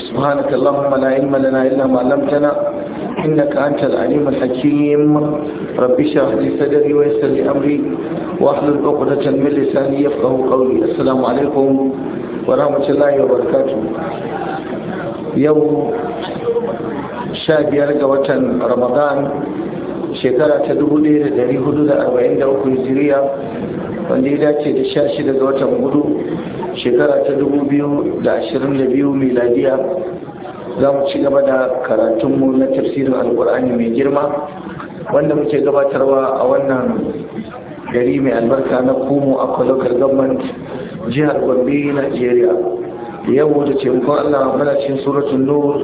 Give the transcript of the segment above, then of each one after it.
سبحانك اللهم لا علم لنا إلا ما علمتنا إنك أنت العليم الحكيم رب اشرح لي صدري ويسر لي أمري واحلل عقدة من لساني يفقه قولي السلام عليكم ورحمة الله وبركاته يوم شاب يرجى وطن رمضان شكرا تدبو لي لدري حدود 43 هجرية wanda ya dace da sha shida ga watan gudu shekara ta dubu biyu da ashirin da biyu miladiya za mu ci gaba da karatunmu na tafsirin alkur'ani mai girma wanda muke gabatarwa a wannan gari mai albarka na komo a local government jihar gombe nigeria yau da taimakon allah muna cin suratun nur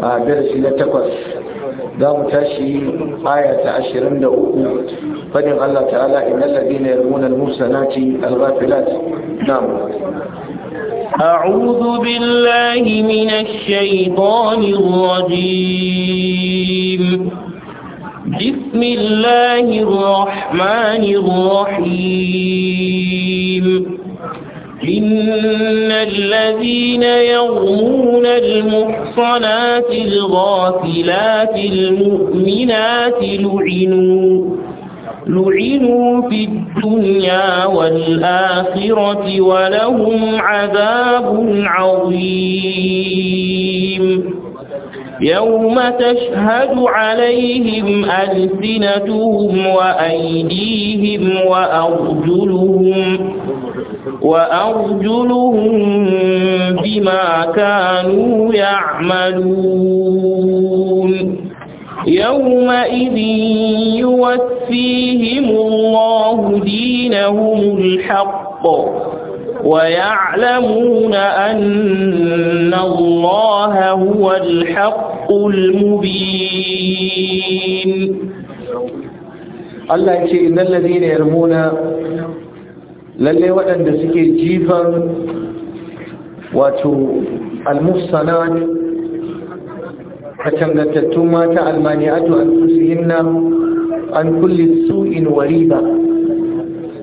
a darasi na takwas za mu tashi aya ta ashirin da uku fadin Allah ta'ala inna alladhina yarmuna al-muhsanati al-ghafilat na'am أعوذ بالله من الشيطان الرجيم بسم الله الرحمن الرحيم إن الذين يغمون المحصنات الغافلات المؤمنات لعنوا لعنوا في الدنيا والآخرة ولهم عذاب عظيم يوم تشهد عليهم ألسنتهم وأيديهم وأرجلهم وأرجلهم بما كانوا يعملون يومئذ يوفيهم الله دينهم الحق ويعلمون أن الله هو الحق المبين الله يقول إن الذين يرمون lalle waɗanda suke jifan wato almusanat katangantattun mata almaniyatu an kusihinna an kulli su'in wariba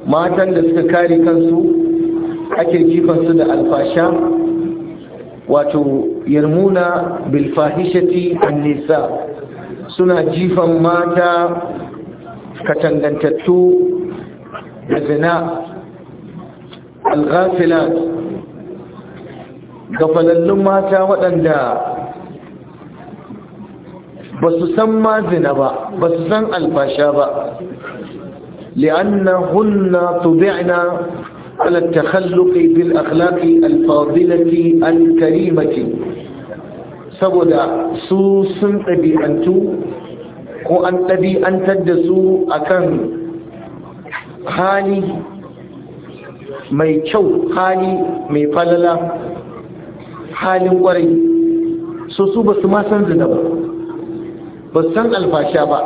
matan da suka kare kansu ake jifansu da alfasha wato yarmuna bilfahishati an nisa suna jifan mata katangantattu da zina الغافلات قبل ما تا ودندا بس سما ذنبا بس سن الفاشا لانهن تبعنا على التخلق بالاخلاق الفاضله الكريمه سبدا سو سن ابي انتو كو ان ابي انت دسو اكن حالي mai kyau hali mai falala halin kwarai so su ba su ma san zina ba ba san alfasha ba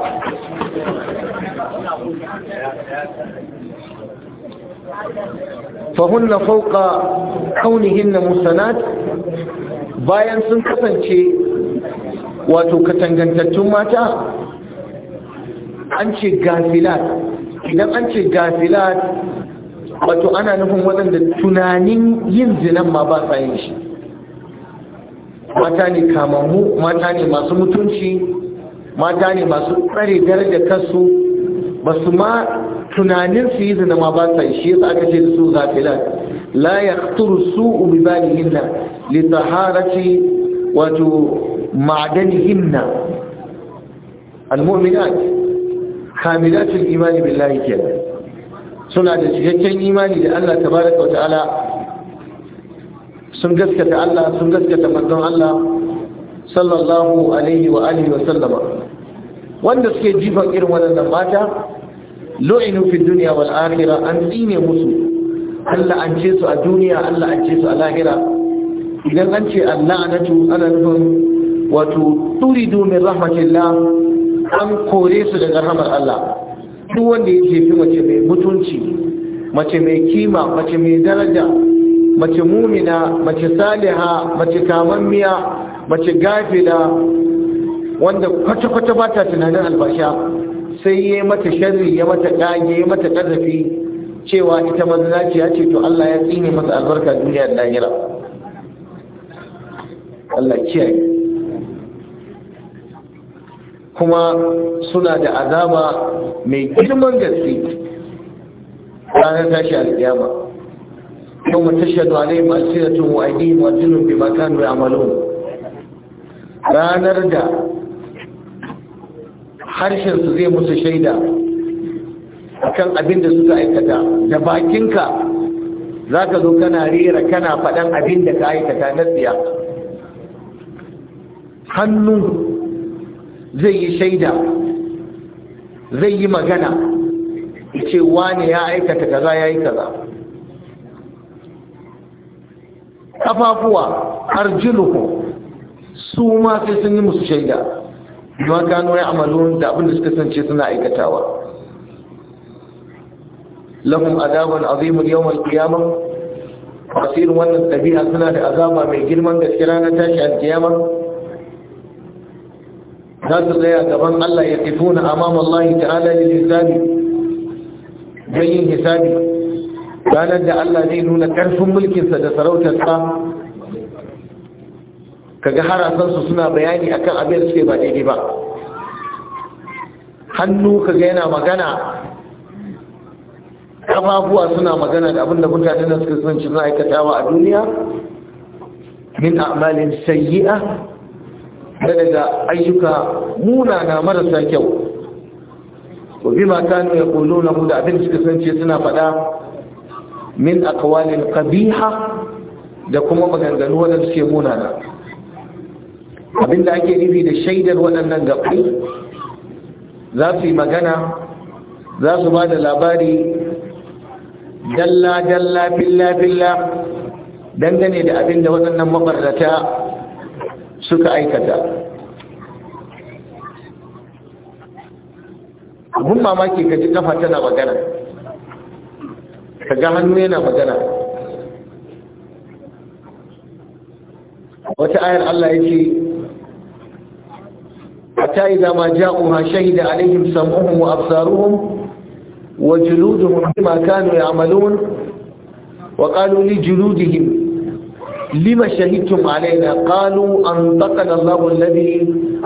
fahunna fauka na musanat bayan sun kasance wato katangantattun mata an ce gafilat idan an ce gafilat wato ana nufin waɗanda tunanin yin zinan ma ba sa yin shi mata ne kamammu mata ne masu mutunci mata ne masu tsare daraja kansu ba su ma tunanin su yi zina ma ba sa shi yasa aka ce da su zafilat la yaqturu su'u bi balihinna li taharati wato ma'danihinna al-mu'minat kamilatul imani billahi kenan suna da cikakken imani da Allah tabaraka wa ta'ala sun gaskata Allah sun gaskata manzon Allah sallallahu alaihi wa alihi wa sallama wanda suke jifan irin waɗannan mata lu'inu fi dunya wal akhirah an tsine musu Allah an ce su a duniya Allah an ce su a lahira idan an ce Allah na anatu ana nufin wato turidu min rahmatillah an kore su daga rahmar Allah duk wanda ya jefi mace mai mutunci mace mai kima mace mai daraja mace mumina mace saliha mace kamammiya mace gafila wanda kwata-kwata ba ta tunanin albasha sai ya mata sharri ya mata ƙage ya mata ƙarfi cewa ita ya ce to Allah ya tsine masa albarka duniya da lahira Allah kiyaye kuma suna da azaba mai girman gaske ranar tashi alƙiyama yau mu tashhadu alaihim alsinatun wa aydihim wa arjulun bima kanu ya'malun ranar da harshen su zai musu shaida akan abin da suka aikata da bakinka za ka zo kana rera kana faɗan abin da ka aikata na tsiya hannu zai yi shaida zai yi magana ce wane ya aikata kaza ya yi kaza kafafuwa arjiluhu su ma sai sun yi musu shaida ma gano ya amalu da abin da suka sance suna aikatawa lahum azaban azimun yawon qiyamah tasirin wannan ɗabi'a suna da azaba mai girman gaske ranar tashi alkiyama za su tsaya gaban Allah ya tafi na amam Allah ta'ala lil hisabi don yin hisabi ranar da Allah zai nuna ƙarfin mulkinsa da sarautarsa kaga harasansu suna bayani akan abin da suke ba daidai ba hannu kaga yana magana kafafuwa suna magana da abin da mutane da suka sanci suna aikatawa a duniya min a'malin sayyi'a daga ayyuka munana marasa kyau wa bima kanu yaquluna mu da abin suka sanci suna faɗa min aqwalin qabiha da kuma maganganu wadanda suke munana abinda ake nufi da shaidar waɗannan gabai za su yi magana za su ba da labari dalla dalla filla filla dangane da abinda waɗannan mabarrata suka aikata abun mamaki ka ji kafa tana magana ka ga hannu yana magana wata ayar Allah ya ce حتى إذا ما جاءوها شهد عليهم سمعهم وأبصارهم وجلودهم بما كانوا يعملون وقالوا لجلودهم lima shahidtum alaina qalu antaqana Allahu alladhi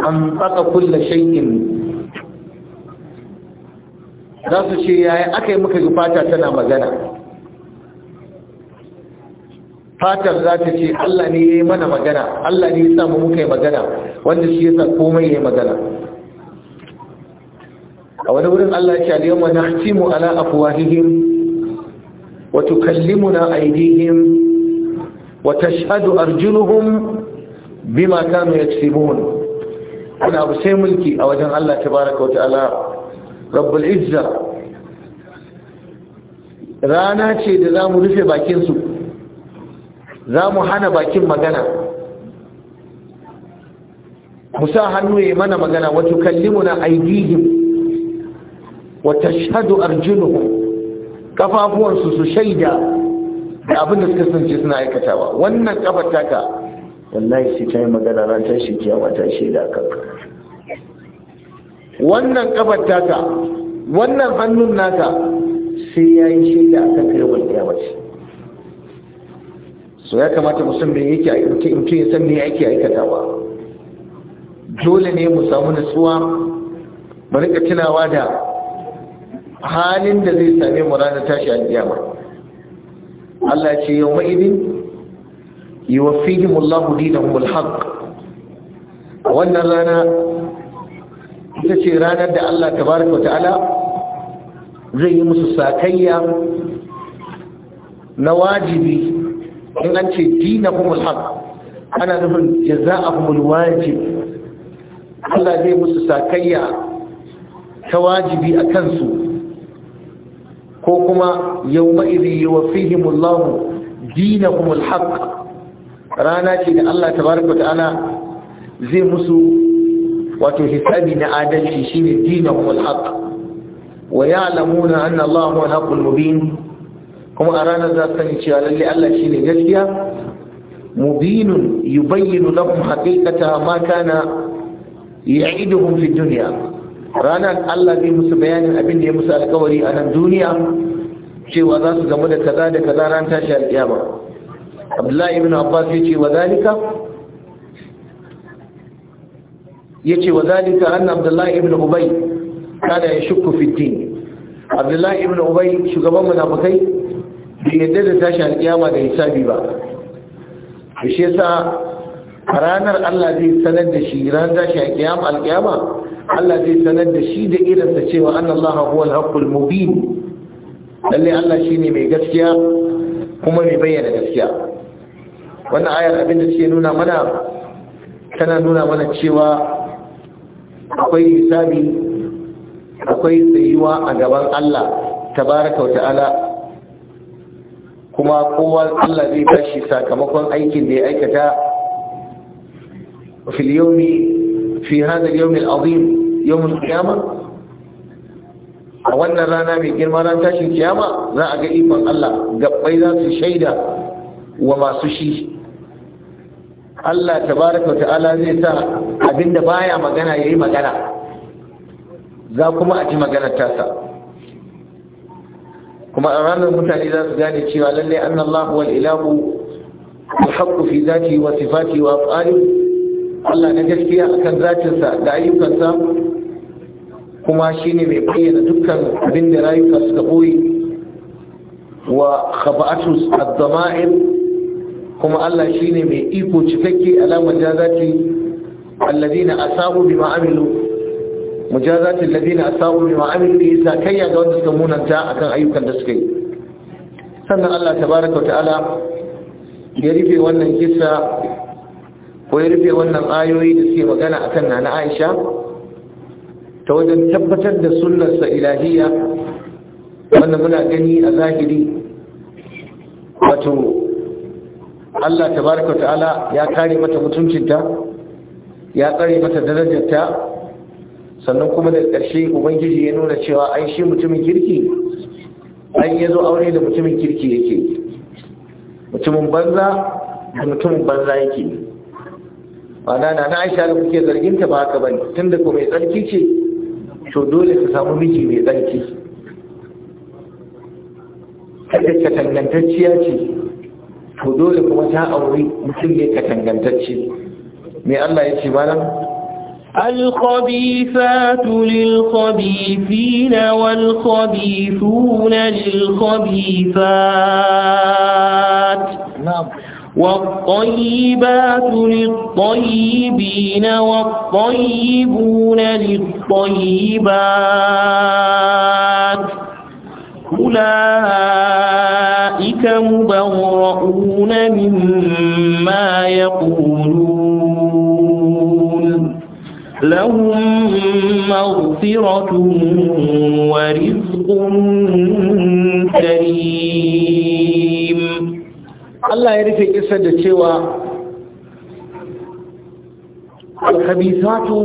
antaqa kull shay'in za su ce yaya aka yi muka fata tana magana fatar za ta ce Allah ne ya yi mana magana Allah ne ya samu muka yi magana wanda shi sa komai ya yi magana a wani wurin Allah ya ce yamma nahtimu ala afwahihim wa na aydihim وتشهد أرجلهم بما كانوا يكسبون أنا أبو سي ملكي أوجه الله تبارك وتعالى رب العزة رانا ce da za mu rufe bakinsu za mu hana bakin magana mu sa hannu ya mana magana wata kallimuna aidihim wata shahadu arjunuhum kafafuwansu su shaida da abin da suka sanci suna aikatawa wannan kafar taka wallahi shi ta yi magana ran ke wata shi da kanka wannan kafar taka wannan hannun naka sai ya yi shaida da kanka yawan kiyama so ya kamata musamman me yake in ce san me yake aikatawa dole ne mu samu nutsuwa mu rika tunawa da halin da zai same mu ranar tashi a kiyama Allah ce yawma idin yuwaffihim Allahu dinahum alhaq wannan rana ita ce ranar da Allah ta wa ta'ala zai yi musu sakayya na wajibi in an ce dinahum alhaq ana nufin jaza'ahum alwajib Allah zai musu sakayya ta wajibi a kansu ko kuma yawma idhi yuwaffihimullahu dinahum alhaq rana ce da Allah tabaraka ta'ala zai musu wato hisabi na adalci shine dinahum alhaq wa ya'lamuna an Allah huwa al mubin kuma a ranar za su sani cewa lalle Allah ne gaskiya mubinun bayyana lahum haqiqata ma kana ya'iduhum fi duniya. ranar Allah zai musu bayanin abin da ya musu alkawari a nan duniya cewa za su gamu da kaza da kaza ran tashi alkiyama Abdullahi ibn Abbas ya ce wa zalika ya ce wa zalika anna Abdullahi ibn Ubay ya shukku fi din Abdullahi ibn Ubay shugaban munafikai bai yadda da tashi alkiyama da hisabi ba shi yasa a ranar Allah zai sanar da shi ran tashi a kiyama alkiyama Allah zai sanar da shi da irinsa cewa an Allah huwa haqqul mubin lalle Allah shine mai gaskiya kuma mai bayyana gaskiya wannan ayar abin da take nuna mana tana nuna mana cewa akwai hisabi akwai tsayuwa a gaban Allah tabaraka wa ta'ala kuma kowa Allah zai bashi sakamakon aikin da ya aikata وفي اليوم في هذا اليوم العظيم يوم القيامة أولنا رانا من kiyama, za تاشي القيامة Allah. Gabai الله قبيدا في شيدا وما سشي Allah tabaraka ta'ala zai sa abinda baya magana yayi magana za kuma a ji maganar tasa kuma a ranar mutane za su gane cewa lallai annallahu wal ilahu al-haqqu fi dhati wa sifati wa Allah na gaskiya akan zatinsa da ayyukansa kuma shine mai bayyana dukkan abin da rayuka suka boye wa khaba'atu ad kuma Allah shine mai iko cikakke alamar jazati alladhina asabu bima amilu mujazati alladhina asabu bima amilu isa kayya ga wanda suka munanta akan ayyukan da suka yi sannan Allah tabaraka wa ta'ala ya rufe wannan kissa ko ya rufe wannan ayoyi da suke magana akan nana Aisha ta wajen tabbatar da sunnarsa ilahiya wanda muna gani a zahiri wato Allah tabaraka ta'ala ya kare mata mutuncinta ya tsare mata darajarta sannan kuma da ƙarshe ubangiji ya nuna cewa ai shi mutumin kirki ai ya zo aure da mutumin kirki yake mutumin banza da mutumin banza yake ma'ana na na aisha da kuke zargin ta ba haka bane da ko mai tsarki ce to dole ta samu miji mai tsarki kada ka tangantacciya ce to dole kuma ta auri mutum ne ka tangantacce me Allah ya ce malam الخبيثات للخبيثين والخبيثون للخبيثات نعم والطيبات للطيبين والطيبون للطيبات أولئك مبرؤون مما يقولون لهم مغفرة ورزق كريم Allah ya rufe kisar da cewa alkhabisatu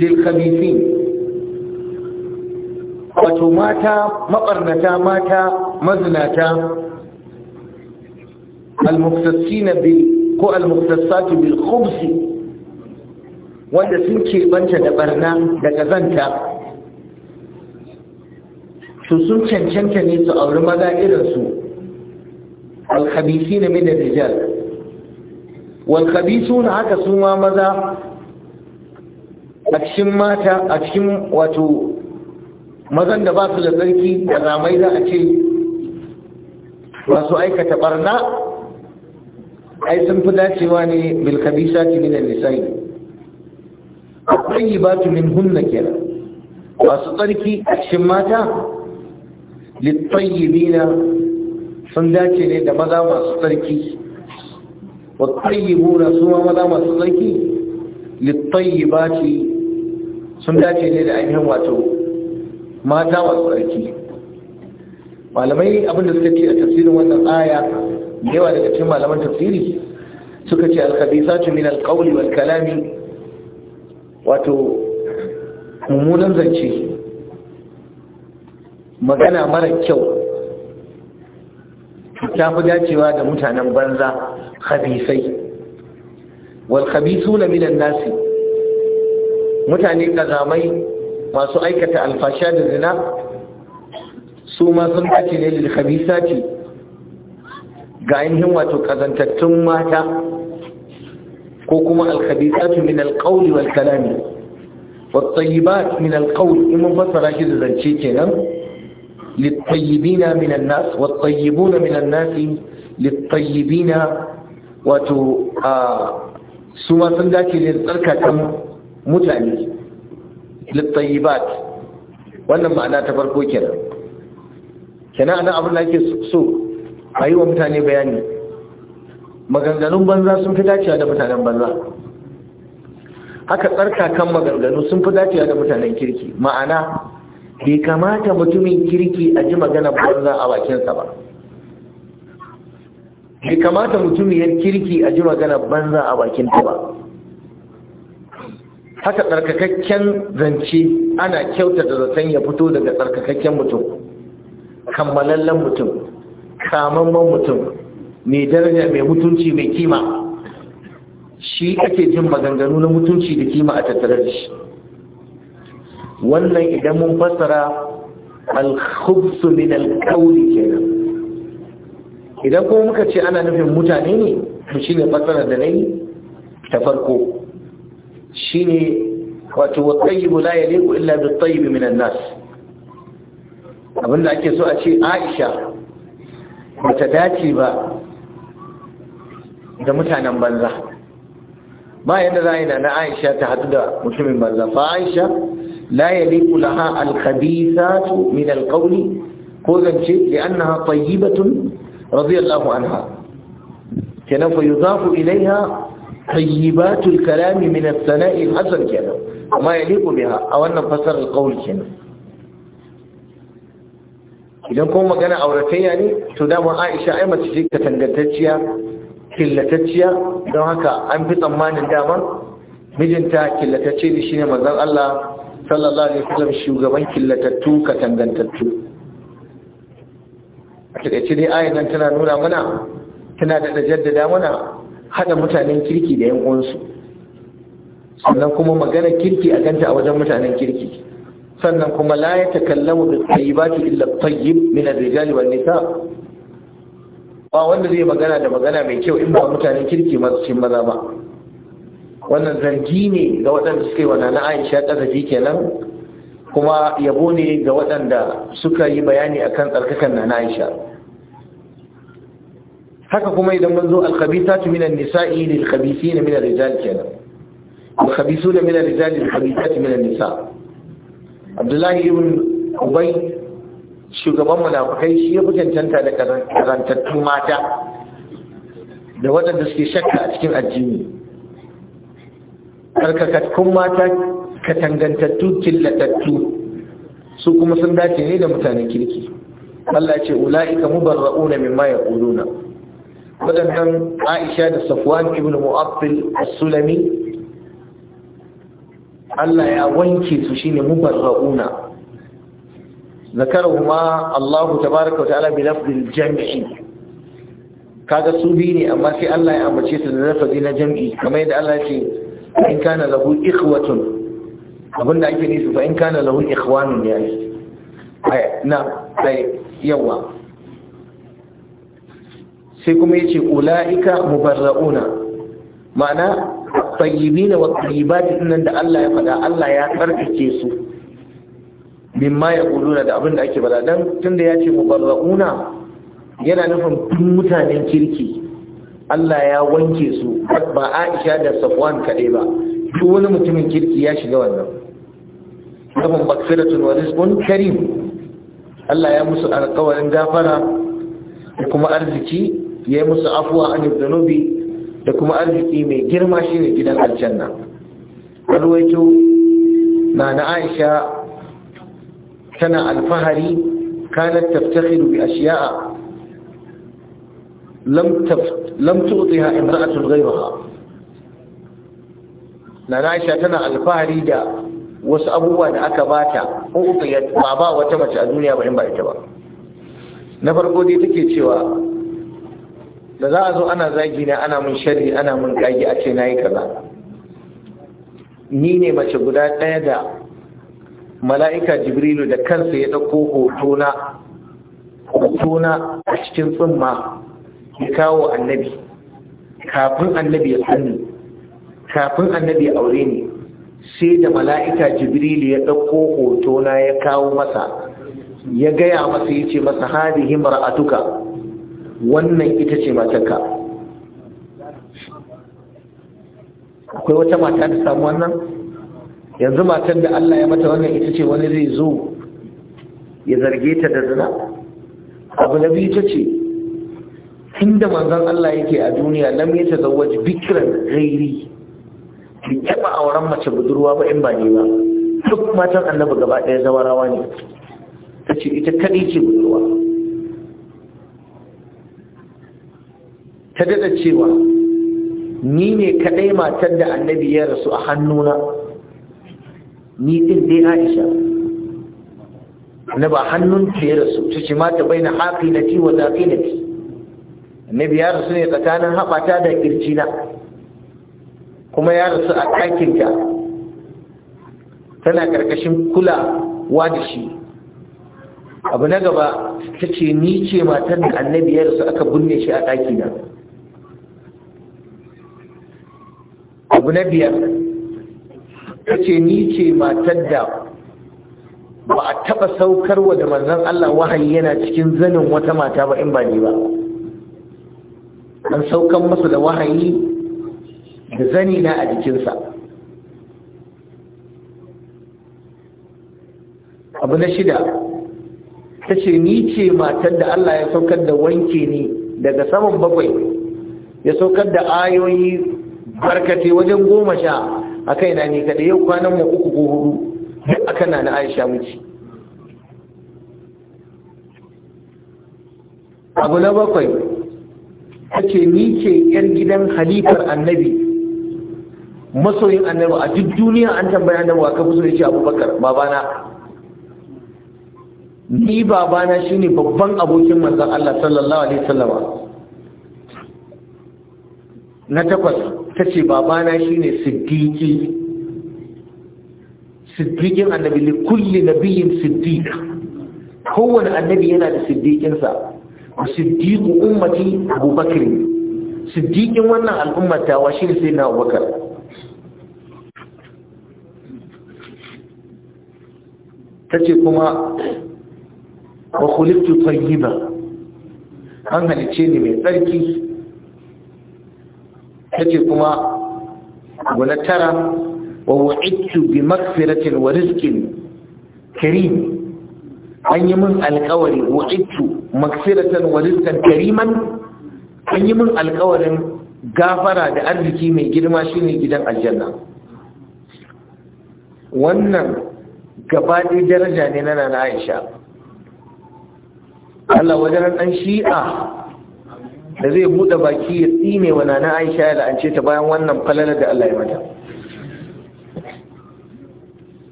lilkhabisin wato mata mabarnata mata mazinata almuktasina bil ko almuktasatu bil khubsi wanda sun keɓanta da barna da kazanta Su sun cancanta ne su auri maza irinsu ne min ar-rijal wal khabisuna haka suma maza a cikin mata a cikin wato mazan da ba su da tsarki da zamai za a ce masu aikata barna ai sun fi dacewa ne bil khabisati min an-nisa'i at-tayyibatu minhunna kenan masu tsarki a cikin mata lit-tayyibina sun dace ne da maza masu tsarki wa buna su ma maza masu tsarki ce sun dace ne da ainihin wato mata masu tsarki malamai abinda suka ce a tafsirin wannan aya yawa daga cikin malaman tafsiri suka ce ce min alkawuli wal kalami wato mummunan zance magana mara kyau ta fi dacewa da mutanen banza khabisai wal khabisuna minan nasi mutane kazamai masu aikata alfasha da zina su ma sun dace ne lil khabisati ga ainihin wato kazantattun mata ko kuma alkhabisatu min alqawli wal kalami wat tayyibat min alqawli in mun fassara shi da zance kenan للطيبين من الناس والطيبون من الناس للطيبين wato a su ma sun dace ne tsarkakan mutane littayibat wannan ma'ana ta farko kenan kenan ana abin da ake so a yi wa mutane bayani maganganun banza sun fi dacewa da mutanen banza haka tsarkakan maganganu sun fi dacewa da mutanen kirki ma'ana bai kamata mutumin kirki a ji magana banza a bakinsa ba bai kamata mutumiyar kirki a ji magana banza a bakinta ba haka tsarkakakken zance ana kyautata zaton ya fito daga tsarkakakken mutum kammalallen mutum kamamman mutum mai daraja mai mutunci mai kima shi ake jin maganganu na mutunci da kima a tattare da shi wannan idan mun fassara alkhubsu min alqawli kenan idan kuma muka ce ana nufin mutane ne to shine fassara da nayi ta farko shine wato wat-tayyibu la yaliqu illa bi tayyib min an-nas abinda ake so a ce Aisha bata dace ba da mutanen banza ba yadda za a yi na Aisha ta hadu da mutumin banza fa Aisha la yaliqu laha al min al ko zance li'annaha tayyibatun radiyallahu anha kenan fa yudafu ilaiha tayyibatul kalami min as-sana'i kenan amma yaliqu biha a wannan fasar al-qawl kenan idan kuma magana auratayya ne to dama Aisha ai mace ce katangantacciya killatacciya don haka an fi tsammanin dama mijinta killatacce ne shine manzon Allah sallallahu alaihi wasallam shugaban killatattu katangantattu a takaice dai ayan nan tana nuna mana tana da jaddada mana hada mutanen kirki da yan uwansu sannan kuma magana kirki a ganta a wajen mutanen kirki sannan kuma la ya takallamu bi tayyibati illa tayyib min ar-rijali wan nisa ba wanda zai magana da magana mai kyau in ba mutanen kirki masu cin maza ba wannan zargi ne ga waɗanda suka yi wa nana aisha ƙazafi kenan kuma yabo ne ga waɗanda suka yi bayani akan tsarkakan nana aisha haka kuma idan mun zo alkhabithatu minan nisa'i lil khabithin min ar-rijal kenan al khabithun min ar-rijal lil khabithati min an-nisa Abdullahi ibn Ubay shugaban munafikai shi ya fitantanta da karantattun mata da waɗanda suke shakka a cikin addini tsarkakakkun mata katangantattu killatattu su kuma sun dace ne da mutanen kirki Allah ce ula'ika mubarra'una mimma yaquluna wadannan Aisha da Safwan ibn Mu'attil as-Sulami Allah ya wanke su shine mubarra'una zakarahuma Allah tabaaraka wa ta'ala bi lafzil jam'i kaga su biyu ne amma sai Allah ya ambace su da lafazi na jam'i kamar yadda Allah ce in kana lahu ikhwatun abinda ake nufi fa in kana lahu ikhwanun ya yi na ai yawa sai kuma yace ulaika mubarrauna ma'ana tayyibina wa tayyibati dinnan da Allah ya faɗa Allah ya tsarkake su mimma ya kuluna da abin da ake faɗa dan tunda yace ce mubarrauna yana nufin mutanen kirki Allah ya wanke su ba Aisha da Safwan kaɗai ba duk wani mutumin kirki ya shiga wannan lahum maghfiratun wa rizqun karim Allah ya musu alƙawarin gafara da kuma arziki ya yi musu afuwa an zunubi da kuma arziki mai girma ne gidan aljanna alwaito na na Aisha tana alfahari kanat taftakhiru bi ashiya'a lam lam tu'tiha imra'atun ghayraha nana Aisha tana alfahari da wasu abubuwa da aka bata uqiyat ba ba wata mace a duniya ba in ba ita ba na farko dai take cewa da za a zo ana zagi na ana mun sharri ana mun kage a ce nayi kaza ni ne mace guda ɗaya da mala'ika jibrilu da kansa ya ɗauko hoto a cikin tsumma ya kawo annabi kafin annabi ya sani kafin annabi ya aure ni sai da mala'ika jibril ya ɗauko hoto na ya kawo masa ya gaya masa ya ce masa hadihi mar'atuka wannan ita ce matarka akwai wata mata da samu wannan yanzu matar da Allah ya mata wannan ita ce wani zai zo ya zarge ta da zina abu na biyu ta ce tunda manzon Allah yake a duniya lam yatazawwaj bikran ghairi bai taba auren mace budurwa ba in ba ne ba duk matan annabi gaba ɗaya zawarawa ne ta ce ita kaɗai ce budurwa ta daɗa cewa ni ne kaɗai matan da annabi ya rasu a hannuna ni ɗin dai aisha na ba hannun ta ya rasu ta ce mata bai na haƙi na ci wa zaƙi na ci annabi ya rasu ne tsakanin haɓata da kircina kuma ya rasu a ta. tana ƙarƙashin kulawa da shi abu na gaba ta ce ni ce matan da annabi ya rasu aka binne shi a ɗakina abu na biyar ta ce ni ce matan da ba a taɓa saukarwa da manzan Allah wahayi yana cikin zanin wata mata ba in ba ni ba an saukan masa da wahayi da zani na a jikinsa abu na shida ta ce ni ce matar da Allah ya saukar da wanke ni daga saman bakwai ya saukar da ayoyi barkate wajen goma sha a kaina ne kada yau kwanan mu uku ko hudu a kana na aisha muci abu na bakwai kace ni ke yar gidan halifar annabi masoyin annabi a duk duniya an tambaya annabi ka fi so ce abubakar babana ni babana shine babban abokin manzon Allah sallallahu alaihi wasallama na takwas tace babana shine siddiqi siddiqin annabi li kulli nabiyyin siddiq kowane annabi yana da siddiqinsa siddiqu ummati abubakar siddiƙin wannan al'ummata wa shi sai na abubakar ce kuma wa khuliqtu tayyiba an halice ni mai tsarki ce kuma wala tara wa wa'idtu bi makfiratin wa rizqin karim an yi min alƙawari wa'idtu maksiratan waliskan kariman an yi min alƙawarin gafara da arziki mai girma shine gidan aljanna wannan gabaɗe daraja ne na nana aisha Allah wajen ɗan shi'a da zai buɗe baki ya tsine wa nana aisha ya la'ance ta bayan wannan falalar da Allah ya mata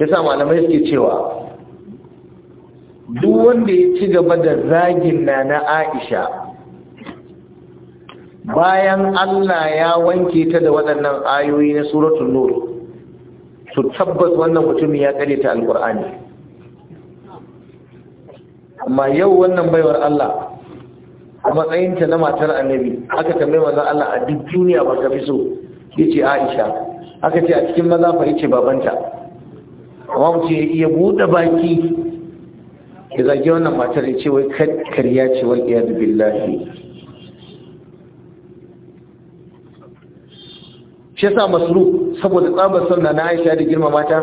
shi sa malamai suke cewa duk wanda ya ci gaba da zagin na na aisha bayan allah ya wanke ta da waɗannan ayoyi na suratun nur su tabbas wannan mutumin ya kare ta alkur'ani amma yau wannan baiwar allah a matsayinta na matar annabi aka tambaye maza allah a duk duniya ba ka fi so yace aisha aka ce a cikin maza fa babanta amma mu ce iya buɗe baki ya zage wannan matar ya ce wai karya ce wal iyadu billahi shi yasa masru saboda tsabar sunna na Aisha da girma mata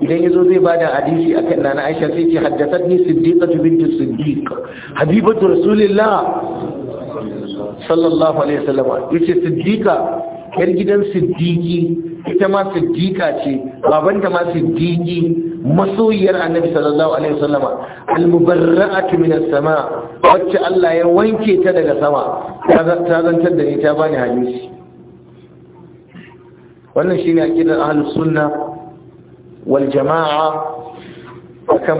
idan yazo zai bada hadisi akan nana Aisha sai ce haddathatni siddiqatu bint siddiq habibatu rasulillah sallallahu alaihi wasallam yace siddiqa yar gidan siddiqi ita ma siddiqa ce babanta ma siddiqi masoyiyar annabi sallallahu alaihi wasallama almubarra'atu min as-sama wacce Allah ya wanke ta daga sama ta zantar da ni ta bani hadisi wannan shine aqidar ahlus sunna wal jama'a akan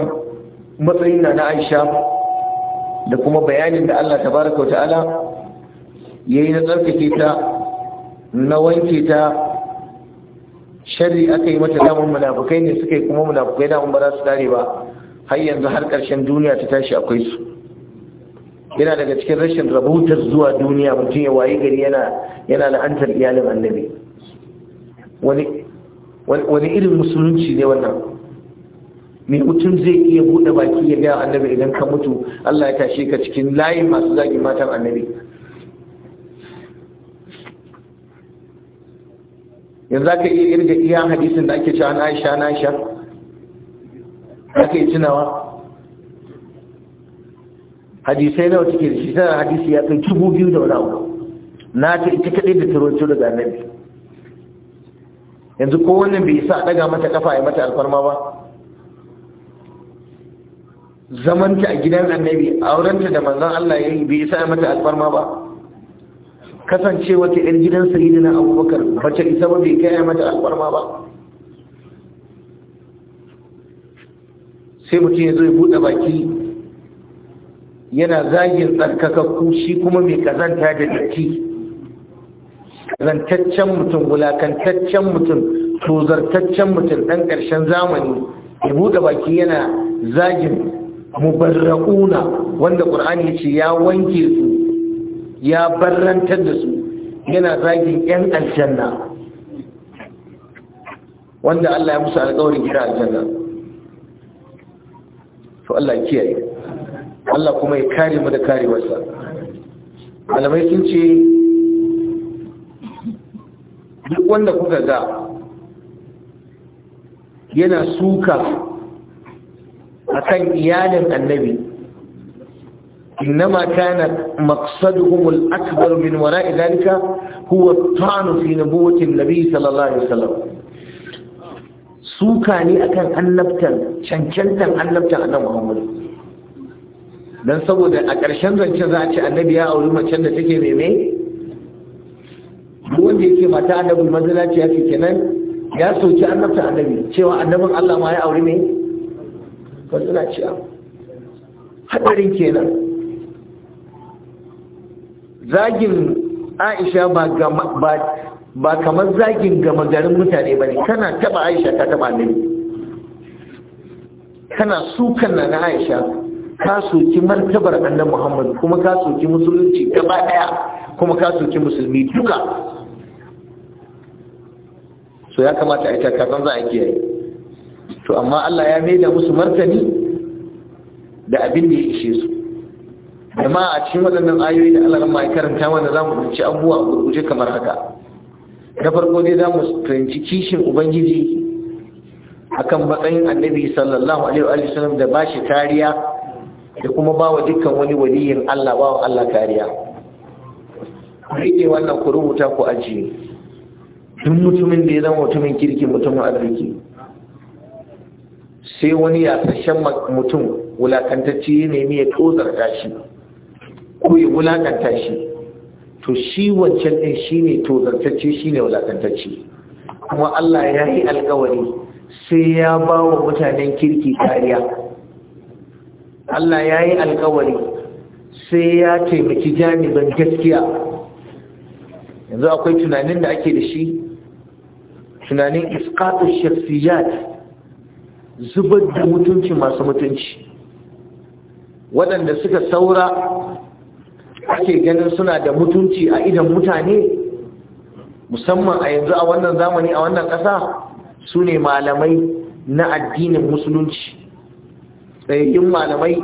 matsayin na Aisha da kuma bayanin da Allah tabaraka wa ta'ala yayi na tsarkake ta na wanke ta sharri aka yi mata damun munafukai ne suka yi kuma munafukai damun ba za su dare ba har yanzu har ƙarshen duniya ta tashi akwai su yana daga cikin rashin rabutar zuwa duniya mutum ya wayi gari yana la'antar iyalin annabi wani irin musulunci ne wannan mai mutum zai iya buɗe baki ya gaya annabi idan ka mutu Allah ya tashe ka cikin layin masu zagin matan annabi yanzu aka iya irga iya hadisin da ake cewa na aisha na aisha aka yi tunawa hadisai nawa take da shi tana hadisi ya kai dubu biyu da wani abu na ta ita kaɗai da turanci daga annabi yanzu ko wannan bai isa daga mata kafa ya mata alfarma ba zamanta a gidan annabi aurenta da manzan Allah ya yi bai isa mata alfarma ba kasancewa ta yan gidan na abubakar bace isa ba bai kaya mata alfarma ba sai mutum ya zo ya buɗe baki yana zagin tsarkakakku shi kuma mai kazanta da datti kazantaccen mutum wulakantaccen mutum tozartaccen mutum ɗan ƙarshen zamani ya buɗe baki yana zagin mubarra'una wanda ƙur'ani ce ya wanke su ya barrantar da su yana zagin 'yan aljanna wanda Allah ya musu alƙawarin gida aljanna to Allah kiyaye Allah kuma ya kare mu da karewarsa malamai sun ce duk wanda kuka ga yana suka akan iyalin annabi إنما كان مقصدهم الأكبر من وراء ذلك هو الطعن في نبوة النبي صلى الله عليه وسلم suka ne akan annabtan cancantan annabtan annabi dan saboda a ƙarshen zance za a ce annabi ya auri macen da take meme duk wanda yake mata annabi manzala ce ya kenan ya soki annabtan annabi cewa annabin Allah ma ya auri me manzala hadarin kenan zagin aisha ba kamar zagin gama garin mutane ba ne kana taba aisha ta taba ne kana sukan na na aisha ka soki martabar annan muhammad kuma ka soki musulunci gaba daya kuma ka soki musulmi duka so ya kamata a yi takasan za a kiyaye to amma allah ya maida musu martani da abin da ya ishe su jama'a a cikin waɗannan ayoyi da Allah ya karanta mana zamu ɗauki abubuwa a gurguje kamar haka na farko dai zamu fahimci kishin ubangiji akan matsayin annabi sallallahu alaihi wa sallam da bashi kariya da kuma bawa dukkan wani waliyin Allah bawa Allah kariya ne wannan ku rubuta ku ajiye duk mutumin da ya zama mutumin kirki mutumin arziki sai wani yasashen mutum wulakantacce ya nemi ya tozarta shi ko ya wulakanta shi to shi wancan ɗin shi ne zartacce shi ne wulakantacce kuma Allah ya yi alkawari sai ya ba wa mutanen kirki kariya Allah ya yi alkawari sai ya taimaki jami'in gaskiya yanzu akwai tunanin da ake da shi tunanin iskatun shafiyat zubar da mutunci masu mutunci waɗanda suka saura ake ganin suna da mutunci a idan mutane musamman a yanzu a wannan zamani a wannan ƙasa su ne malamai na addinin musulunci tsayayyun malamai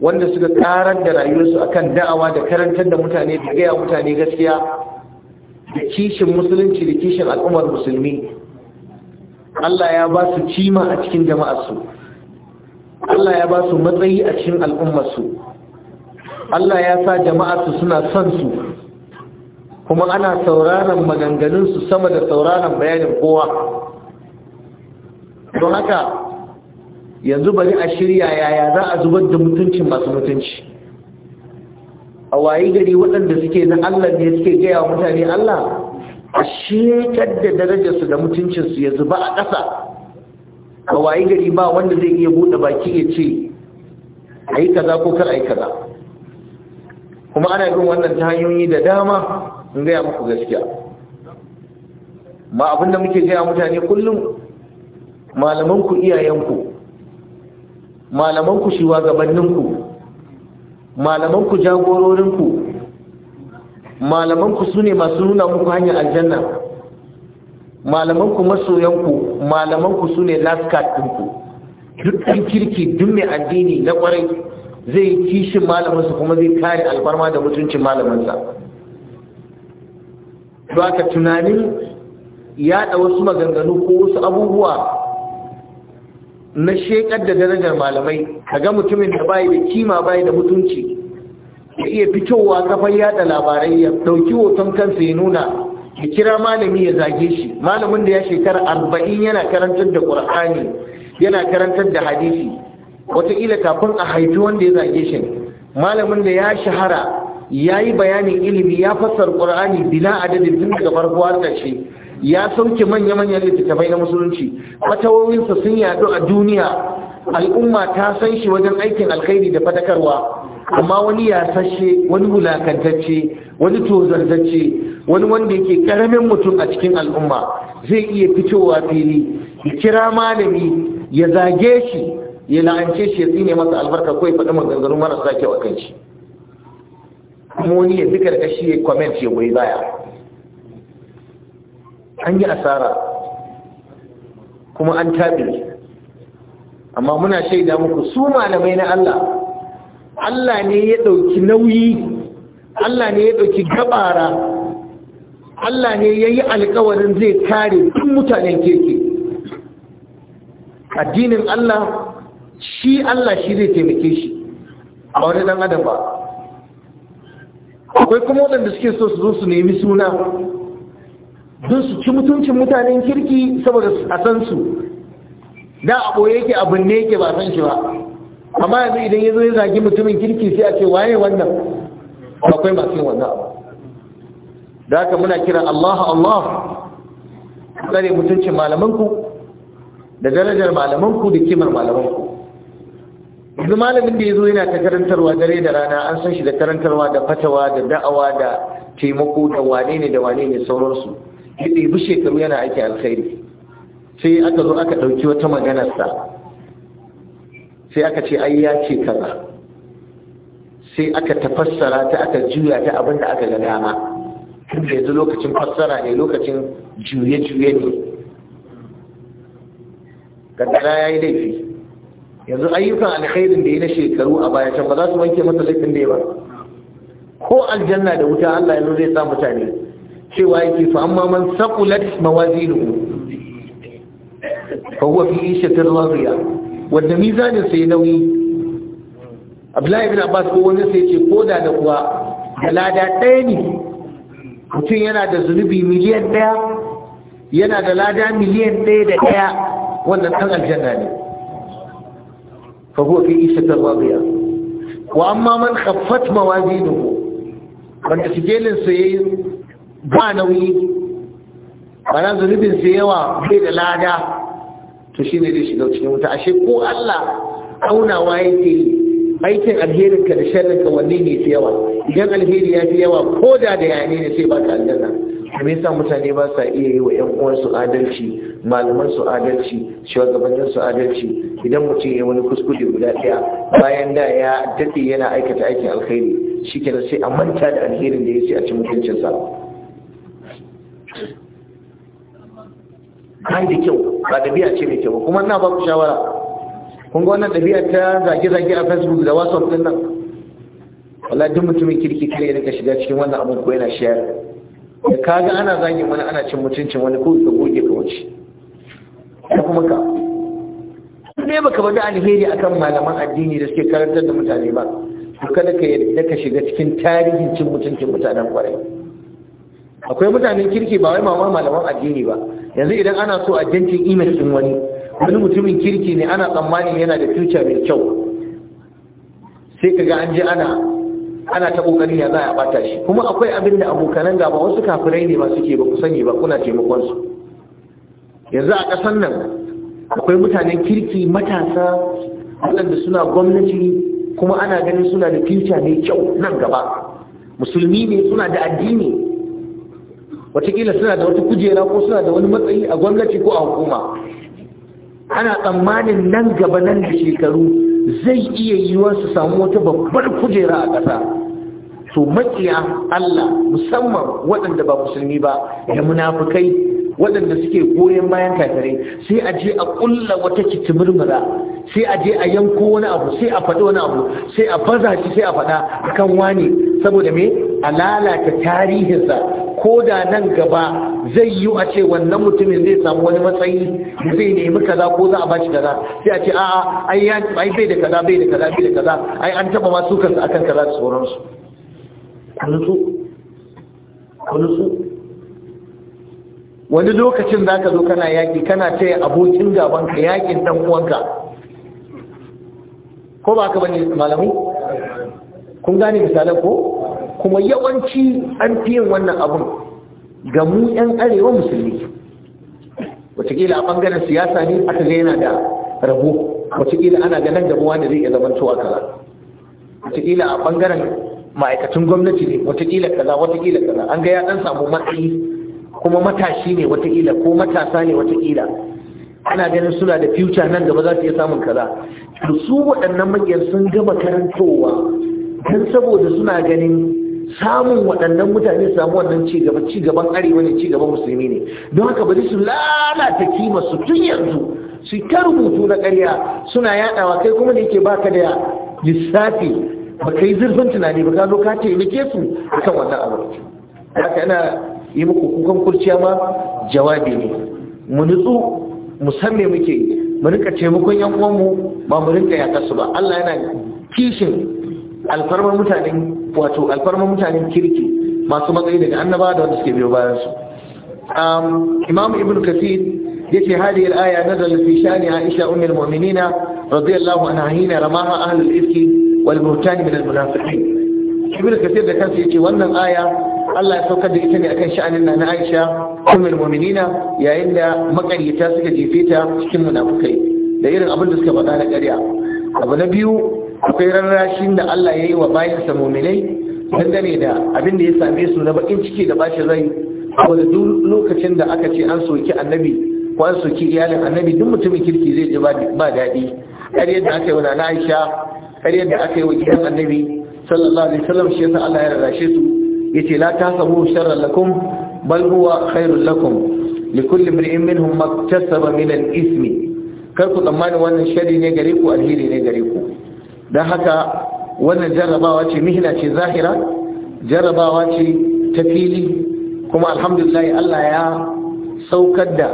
wanda suka karar da rayuwarsu a kan da'awa da karantar da mutane da gaya mutane gaskiya da kishin musulunci da kishin al'ummar musulmi Allah ya ba su cima a cikin jama'arsu Allah ya ba su matsayi a cikin al'ummarsu Allah ya sa su suna son su kuma ana sauraron maganganunsu sama da sauraron bayanin kowa don haka yanzu bari a shirya yaya za a zubar da mutuncin masu mutunci a wayi gari waɗanda suke na Allah ne suke gaya wa mutane Allah a shekar da darajarsu da mutuncinsu ya zuba a ƙasa a wayi gari ba wanda zai iya buɗe baki ya ce a yi kaza ko kar a yi kaza kuma ana bin wannan ta hanyoyi da dama in gaya muku gaskiya ma abinda muke a mutane kullum malamanku iyayenku malamanku shugabanninku malamanku jagororinku malamanku su ne masu nuna muku hanyar aljanna malamanku masoyanku malamanku su ne last card ɗinku duk kirki duk mai addini na kwarai. zai yi kishin malaminsa kuma zai kare alfarma da mutuncin malaminsa ba ka tunanin yada wasu maganganu ko wasu abubuwa na shekar da darajar malamai kaga mutumin da bayi da kima bayi da mutunci ya iya fitowa kafar yada labarai ya dauki hoton kansa ya nuna ya kira malami ya zage shi malamin da ya shekara arba'in yana karantar da ƙur'ani yana karantar da hadisi wataƙila kafin a haifi wanda ya zage shi malamin da ya shahara ya yi bayanin ilimi ya fassar ƙur'ani bila adadin tun daga farko ƙarshe ya sauke manya-manyan littattafai na musulunci fatawoyinsa sun yadu a duniya al'umma ta san shi wajen aikin alkhairi da fadakarwa amma wani yasashe wani wulakantacce wani tozartacce wani wanda yake karamin mutum a cikin al'umma zai iya fitowa fili ya kira malami ya zage shi ya la'ance shi ya tsine masa albarka ko ya faɗi maganganu marasa kyau a kan shi kuma wani ya duka da shi ya comment ya goyi baya an yi asara kuma an tabi amma muna shaida muku su malamai na Allah Allah ne ya ɗauki nauyi Allah ne ya ɗauki gabara Allah ne ya yi alkawarin zai kare duk mutanen keke. addinin Allah shi Allah shi zai taimake shi a wani dan adam ba akwai kuma waɗanda suke so su zo su nemi suna don su ci mutuncin mutanen kirki saboda a san su da a ɓoye yake a binne yake ba san shi ba amma yanzu idan ya zo ya zagi mutumin kirki sai a ce waye wannan akwai masu yin wannan da haka muna kira Allah Allah tsare mutuncin malamanku da darajar malamanku da kimar malamanku yanzu malamin da ya zo yana ta karantarwa dare da rana an san shi da karantarwa da fatawa da da'awa da taimako da wane ne da wane ne sauransu ya ɗebi shekaru yana aiki alkhairi sai aka zo aka ɗauki wata maganarsa sai aka ce ai ya ce kaza sai aka tafassara ta aka juya ta abin da aka ga dama da yanzu lokacin fassara ne lokacin juye-juye ne kaddara ya yi laifi yanzu ayyukan alkhairin da ya na shekaru a baya can ba za su wanke masa laifin da ya ba ko aljanna da wuta Allah yanzu zai sa mutane cewa yake fa amma man saqulat mawazinuhu fa huwa fi ishatir radiya wanda mizanin sai nauyi Abdullahi ibn Abbas ko wani sai ce ko da da kuwa da ɗaya ne mutum yana da zunubi miliyan ɗaya yana da lada miliyan ɗaya da ɗaya wannan kan aljanna ne fa huwa fi ishatin radiya wa amma man khaffat mawazinuhu wanda sigelin sa yayi ba nauyi bana zunubin sa yawa bai da lada to shine zai shiga cikin wuta ashe ko Allah aunawa yake aikin alherin ka da sharrin ka ne fi yawa idan alheri ya fi yawa ko da da yane ne sai baka aljanna me yasa mutane ba sa iya yi wa 'yan uwansu adalci malaman su adalci shugabannin su adalci idan mutum ya wani kuskure guda ɗaya bayan da ya daɗe yana aikata aikin alkhairi shi ke sai a manta da alherin da ya ce a mutuncin mutuncinsa kai da kyau ba ɗabi'a ce mai kyau kuma ina ba ku shawara kun ga wannan ɗabi'a ta zage-zage a facebook da whatsapp ɗin nan wala duk mutumin kirki kare ya rika shiga cikin wannan abin ko yana shayar da kaga ana zagin wani ana cin mutuncin wani ko da goge ka wuce da kuma ka ne baka bada alheri akan malaman addini da suke karantar da mutane ba to kada ka yadda ka shiga cikin tarihin cin mutuncin mutanen kwarai akwai mutanen kirki ba wai mama malaman addini ba yanzu idan ana so a jancin imel din wani wani mutumin kirki ne ana tsammanin yana da future mai kyau sai kaga an je ana ana ta kokari ya za a bata shi kuma akwai abin da abokanan gaba wasu kafirai ne ba suke ba ku sani ba kuna taimakon su yanzu a ƙasar nan akwai mutanen kirki matasa waɗanda suna gwamnati kuma ana ganin suna da future mai kyau nan gaba musulmi ne suna da addini Wataƙila suna da wata kujera ko suna da wani matsayi a gwamnati ko a hukuma ana tsammanin nan gaba nan da shekaru zai iya yiwuwa su samu wata babbar kujera a ƙasa to makiya Allah musamman waɗanda ba musulmi ba ya munafukai waɗanda suke goyon bayan kafirai sai a je a ƙulla wata kitimirmira sai a je a yanko wani abu sai a faɗi wani abu sai a baza shi sai a faɗa akan wani saboda me a lalata tarihinsa ko da nan gaba zai yi a ce wannan mutumin zai samu wani matsayi zai nemi kaza ko za a bashi kaza sai a ce a'a a ai bai da kaza bai da kaza bai da kaza ai an taba ma su akan kaza da sauransu kunutsu kunutsu wani lokacin zaka zo kana yaki kana taya abokin gaban ka yakin dan uwanka ko ba ka bane malamu? kun gane misalan ko kuma yawanci an fi yin wannan abun ga mu 'yan arewa musulmi wataƙila a ɓangaren siyasa ne aka ga yana da rabo wataƙila ana ganin gabuwa da zai iya zaman tuwa kaza wataƙila a ɓangaren ma'aikacin gwamnati ne wataƙila kaza wataƙila kaza an ga ya ɗan samu matsayi kuma matashi ne wataƙila ko matasa ne wataƙila ana ganin suna da future nan gaba za su iya samun kaza su waɗannan manyan sun gama karantowa don saboda suna ganin samun waɗannan mutane samu wannan cigaba cigaban arewa ne cigaban musulmi ne don haka bari su lalata kima su tun yanzu su ta rubutu na ƙarya suna yaɗawa kai kuma da yake baka da lissafi ba ka yi zurfin tunani ba ka zo ka taimake su kan wannan abu haka yana yi muku kukan kurciya ma jawabi ne mu nutsu me muke mu rika taimakon yan uwanmu ba mu rinka yaƙa su ba Allah yana kishin alfarmar mutanen wato alfarmar mutanen kirki masu matsayi daga annaba da wanda suke biyo bayan su um, imam ibn kasir yace hadi al-aya nazala fi shani aisha ummi al-mu'minin radiyallahu anha hina ramaha ahli al-ifki wal buhtan min al-munafiqin ibn kasir da kansa yace wannan aya Allah ya saukar da ita ne akan sha'anin na Aisha ummul yayin da makaryata suka jefe ta cikin munafukai da irin abin da suka faɗa na ƙarya abu na biyu akwai rarrashin da Allah ya yi wa bayansa muminai dangane da abin da ya same su na bakin ciki da bashi rai wanda duk lokacin da aka ce an soki annabi ko an soki iyalin annabi duk mutumin kirki zai ji ba daɗi har yadda aka yi wa nana Aisha har yadda aka yi wa gidan annabi sallallahu alaihi wasallam shi yasa Allah ya rarrashe su yace la tasabu sharran lakum bal huwa khairul lakum likulli imrin minhum maktasaba min al-ithmi kar ku tsammani wannan shari ne gare ku alheri ne gare ku don haka wannan jarrabawa ce mihina ce zahira jarrabawa ce ta fili kuma alhamdulillah Allah ya saukar da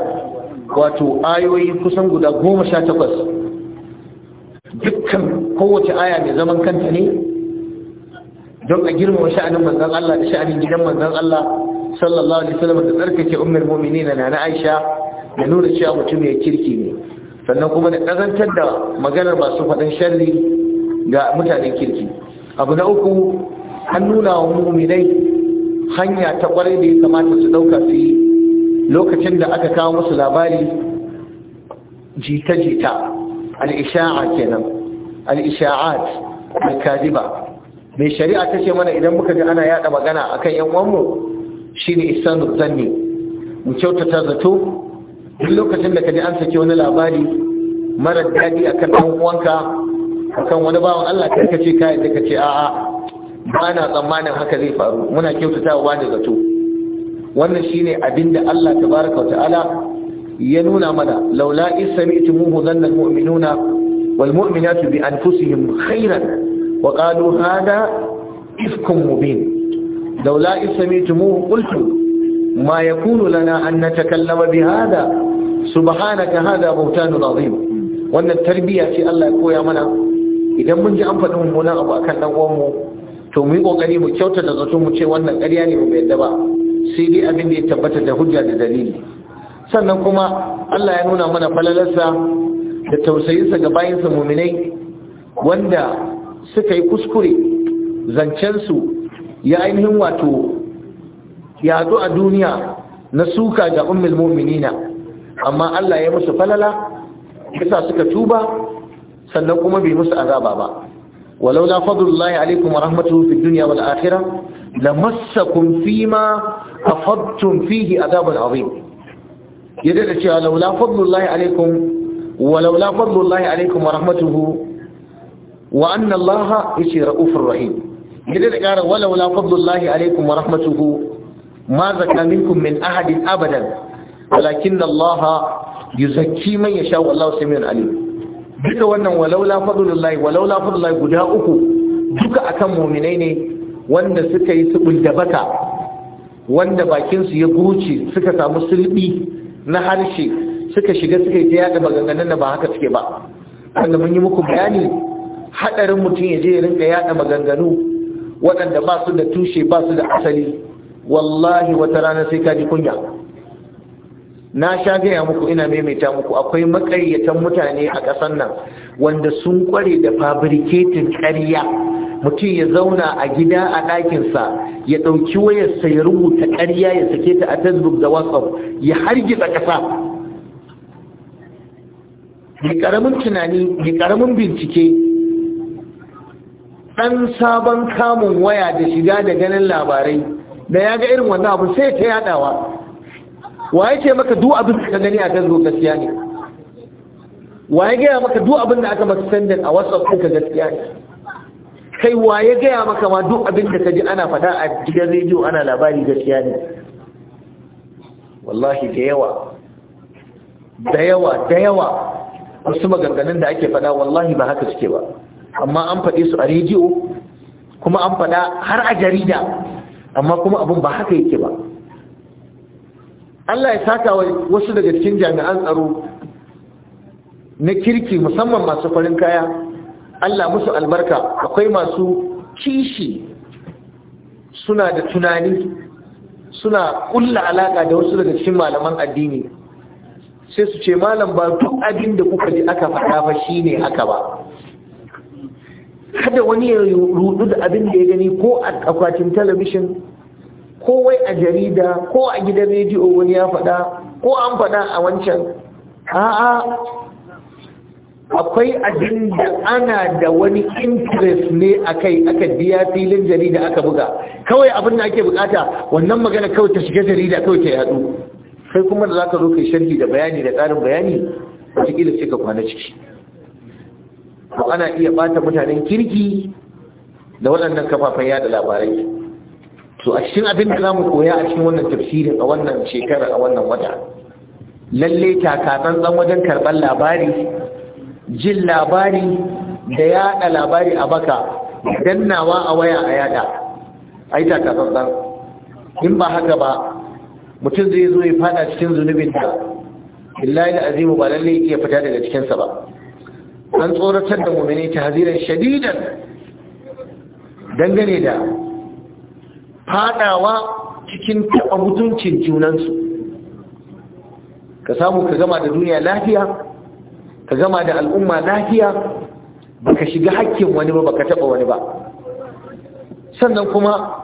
wato ayoyi kusan guda goma sha takwas dukkan kowace aya mai zaman kanta ne don a girmama sha'anin manzan Allah da sha'anin gidan manzan Allah sallallahu alaihi wasallam da tsarkake ummul mu'minina na na Aisha da nuna cewa mutum ya kirki ne sannan kuma da kazantar da maganar masu faɗin sharri ga mutanen kirki abu na uku an nuna wa muminai hanya ta kwarai da ya kamata su dauka su yi lokacin da aka kawo musu labari jita-jita al'isha'a kenan al'isha'at al-kadiba mai shari'a ta ce mana idan muka ji ana yada magana akan yan uwanmu shine isanu ne. mu kyautata zato duk lokacin da ka ji an sake wani labari mara daɗi akan ɗan uwanka akan wani bawan Allah kai ka ce ka yadda a'a ba na tsammanin haka zai faru muna kyautata wa da zato wannan shine abinda Allah tabaraka wa ta'ala ya nuna mana laula isami'tumuhu dhanna almu'minuna walmu'minatu bi anfusihim khairan wa qalu hada ifkum mubin laula isami'tumuhu qultum ما يكون لنا أن نتكلم بهذا سبحانك هذا بهتان عظيم Wannan التربية ce Allah ya koya mana. idan mun ji an faɗi mummunan abu akan dan mu, to mu yi kokari mu kyautata zato mu ce wannan ƙarya ne mu da ba sai dai abin da ya tabbata da hujja da dalili sannan kuma Allah ya nuna mana falalarsa da tausayinsa ga bayinsa muminai wanda suka yi kuskure zancensu ya ainihin wato yazo a duniya na suka ga ummul mu'minina amma Allah ya musu falala kisa suka tuba sannan kuma bai musu azaba ba walau la fadlullahi alaikum wa rahmatuhu fid dunya wal akhirah lamassakum fima afadtum fihi adabun azim yadda da cewa laula fadlullahi alaikum wa laula fadlullahi alaikum wa rahmatuhu wa anna allaha yace raufur rahim yadda da kara wa laula fadlullahi alaikum wa rahmatuhu ma zakka minkum min ahadin abadan walakin allaha yuzakki man yasha wallahu samiyun alim duka wannan walaula fadlullahi walaula fadlullahi guda uku duka akan mu'minai ne wanda suka yi su baka wanda bakin su ya guce suka samu sulbi na harshe suka shiga suka yi ta yada maganganun da ba haka suke ba wanda mun yi muku bayani hadarin mutum ya je ya rinka yada maganganu waɗanda ba su da tushe ba su da asali wallahi wata rana sai ka ji kunya na sha gaya muku ina maimaita muku akwai maƙayyatan mutane a ƙasar nan wanda sun ƙware da fabriketin ƙarya mutum ya zauna a gida a ɗakinsa ya ɗauki wayarsa ya rubuta ƙarya ya sake ta a facebook da whatsapp ya hargitsa ƙasa mai ƙaramin tunani mai ƙaramin bincike ɗan sabon kamun waya da shiga da ganin labarai da ya ga irin wannan abu sai ta yaɗawa. wa ya ce maka duk abin da ka gani a gazzo gaskiya ne wa ya gaya maka duk abin da aka maka sandin a whatsapp ka gaskiya ne kai wa ya gaya maka ma duk abin da ka ji ana faɗa a gidan rediyo ana labari gaskiya ne wallahi da yawa da yawa da yawa wasu maganganun da ake faɗa wallahi ba haka suke ba amma an faɗe su a rediyo kuma an faɗa har a jarida amma kuma abin ba haka yake ba Allah ya saka wasu daga cikin jami'an tsaro na kirki musamman masu farin kaya Allah musu albarka akwai masu kishi suna da tunani suna kulla alaka da wasu daga cikin malaman addini sai su ce malam ba duk abin da kuka ji aka faɗa ba shine aka ba kada wani ya rudu da abin da ya gani ko a akwatin talabishin ko wai a jarida ko a gidan rediyo wani ya faɗa ko an fada a wancan a'a akwai abin da ana da wani interest ne akai aka biya filin jarida aka buga kawai abin da ake bukata wannan magana kawai ta shiga jarida kawai ta yadu sai kuma da zaka zo kai sharhi da bayani da tsarin bayani wataƙila sai ka kwana ciki ko ana iya bata mutanen kirki da waɗannan kafafen yada labarai to a cikin abin da zamu koya a cikin wannan tafsirin a wannan shekara a wannan wata lalle zan wajen karɓar labari jin labari da yaɗa labari a baka dannawa a waya a yaɗa ai san in ba haka ba mutum zai zo ya fada cikin zunubin da billahi azimu ba lalle ya fita daga cikinsa ba an tsoratar da mu'mini ta hadiran shadidan dangane da fadawa cikin taɓa mutuncin junansu ka samu ka gama da duniya lafiya ka gama da al'umma lafiya ka shiga hakkin wani ba baka taɓa wani ba sannan kuma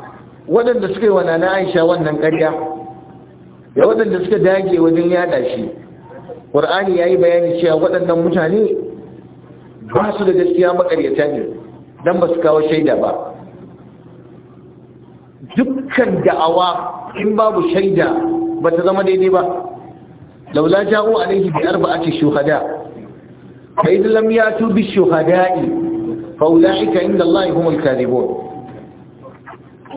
waɗanda suka yi wa nana aisha wannan ƙarya da waɗanda suka dage wajen yada shi ƙur'ani ya yi bayani cewa waɗannan mutane ba su da gaskiya maƙaryata ne don ba su kawo shaida ba dukkan da'awa in babu shaida ba ta zama daidai ba laula ja'u alaihi bi arba'ati shuhada fa idan lam yatu bi shuhada'i fa ulaika inda Allah humul kadhibun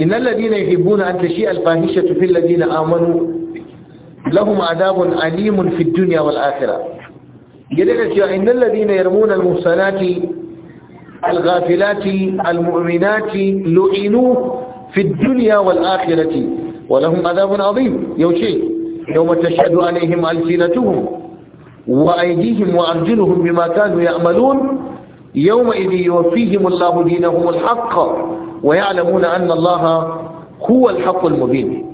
innal ladina yuhibbuna an tashi'a al fahishatu fil ladina amanu lahum adabun alimun fid dunya wal akhirah yadda cewa innal ladina yarmuna al muhsanati al ghafilati al mu'minati lu'inu في الدنيا والآخرة ولهم عذاب عظيم يوشي يوم تشهد عليهم ألسنتهم وأيديهم وأرجلهم بما كانوا يعملون يومئذ يوفيهم الله دينهم الحق ويعلمون أن الله هو الحق المبين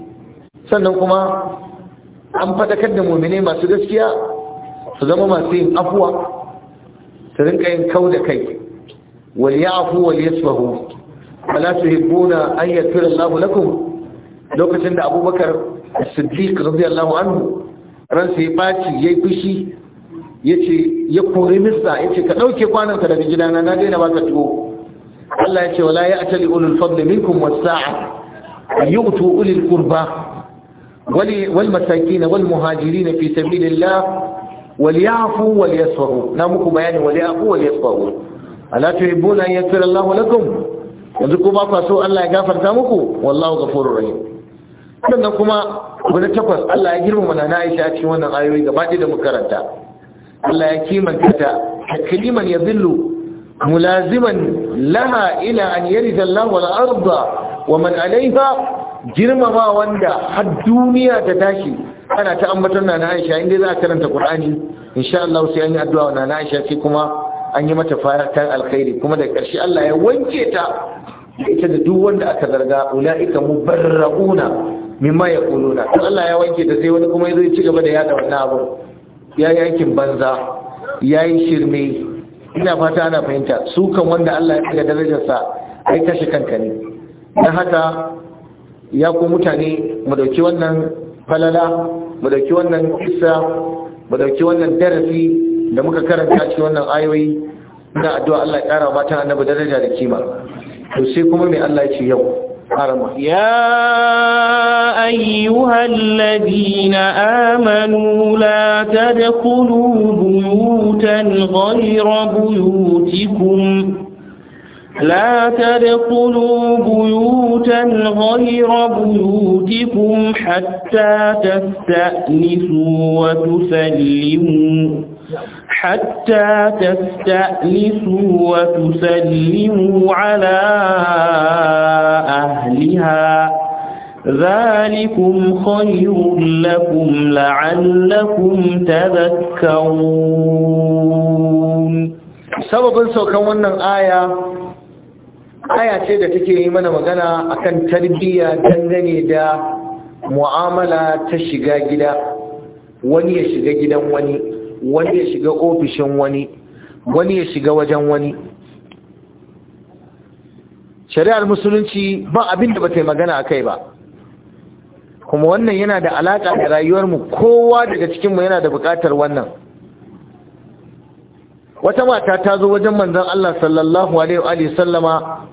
سنوكما أم فتكدموا da ما masu فزموا ما zama masu yin afuwa su rinka ala tuhibbuna an yaghfira Allahu lakum lokacin da Abubakar Siddiq radiyallahu anhu ransa ya baci yayi fushi yace ya kore misa yace ka dauke kwanan ka daga gidana na daina baka tuwo Allah yace wala ya'tali ulul fadli minkum was-sa'a yu'tu ulil qurba wal masakin wal muhajirin fi sabilillah وليعفوا وليصفحوا نامكم يعني وليعفوا وليصفحوا ألا تحبون أن يغفر الله لكم yanzu ko ba kwa so Allah ya gafarta muku wallahu ghafurur rahim sannan kuma guda na takwas Allah ya girmama nana Aisha a cikin wannan ayoyi gaba da muka karanta Allah ya kimanta ta takliman yadhillu mulaziman laha ila an yarida Allah wal arda wa man alayha girmama wanda har duniya ta tashi ana ta ambatar a Aisha inda za a karanta Qur'ani insha Allah sai an yi addu'a nana Aisha sai kuma an yi mata fatan alkhairi kuma da ƙarshe Allah ya wanke ta ita da duk wanda aka zarga ulaika mubarrauna mimma yaquluna to Allah ya wanke ta sai wani kuma ya zo ya ci gaba da yada wannan abu ya yankin banza ya yi shirme ina fata ana fahimta su kan wanda Allah ya daga darajarsa ai kashe kanka ne dan haka ya ku mutane mu dauki wannan falala mu dauki wannan kissa mu dauki wannan darasi da muka karanta cikin wannan ayoyi ina addu'a Allah ya kara mata annabi daraja da kima to sai kuma mai Allah ya ce yau harama ya ayyuhal ladina amanu la tadkhulu buyutan ghayra buyutikum لا تدخلوا بيوتا غير بيوتكم حتى تستأنسوا وتسلموا حتى تستأنسوا وتسلموا على أهلها ذلكم خير لكم لعلكم تذكرون sababin saukan wannan aya aya ce da take yi mana magana a kan tarbiyya dangane da mu'amala ta shiga gida wani ya shiga gidan wani wani ya shiga ofishin wani wani ya shiga wajen wani shari'ar musulunci ba abin da ba ta yi magana a kai ba kuma wannan yana da alaƙa da rayuwarmu kowa daga cikinmu yana da buƙatar wannan wata mata ta zo wajen manzon Allah sallallahu alaihi sallama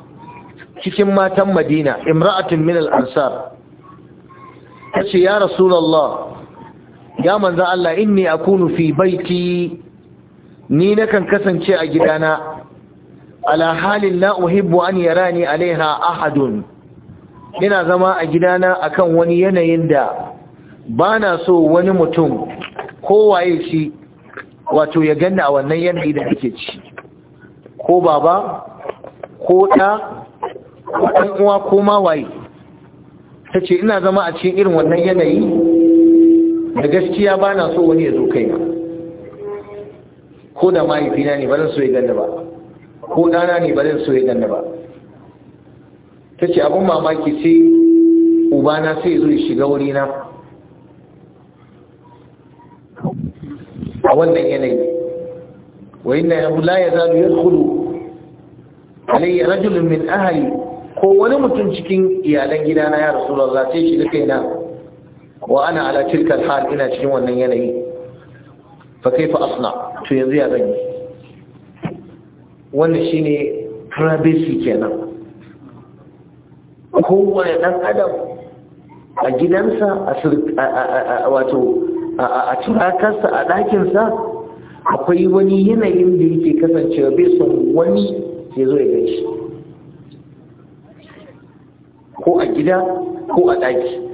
cikin matan Madina imra'atun min al-ansar tace ya rasulullah ya manzan Allah inni akunu fi baiti ni na kan kasance a gidana ala halin la uhibbu an yarani alaiha ahadun ina zama a gidana akan wani yanayin da bana so wani mutum kowaye shi wato ya ganna a wannan yanayi da nake ci ko baba ko ɗa ko ko ma waye tace ina zama a cikin irin wannan yanayi da gaskiya ba na so wani ya zo kai. ko da mahaifina ne ba zan so ya ganni ba ko ɗana ne ba zan so ya ganni ba ta ce abin mamaki sai ubana sai zo ya shiga wurina a wannan yanayi wa inna la yazalu yadkhulu alayya rajulun min ahali ko wani mutum cikin iyalan gidana ya rasulullah sai shiga na wa ana ala tilka hal ina cikin wannan yanayi fa kaifa asna to yanzu ya zan yi wannan shine privacy kenan kowane dan adam a gidansa a wato a turakarsa a ɗakinsa akwai wani yanayin da yake kasancewa bai son wani ya zo ya gaishe ko a gida ko a ɗaki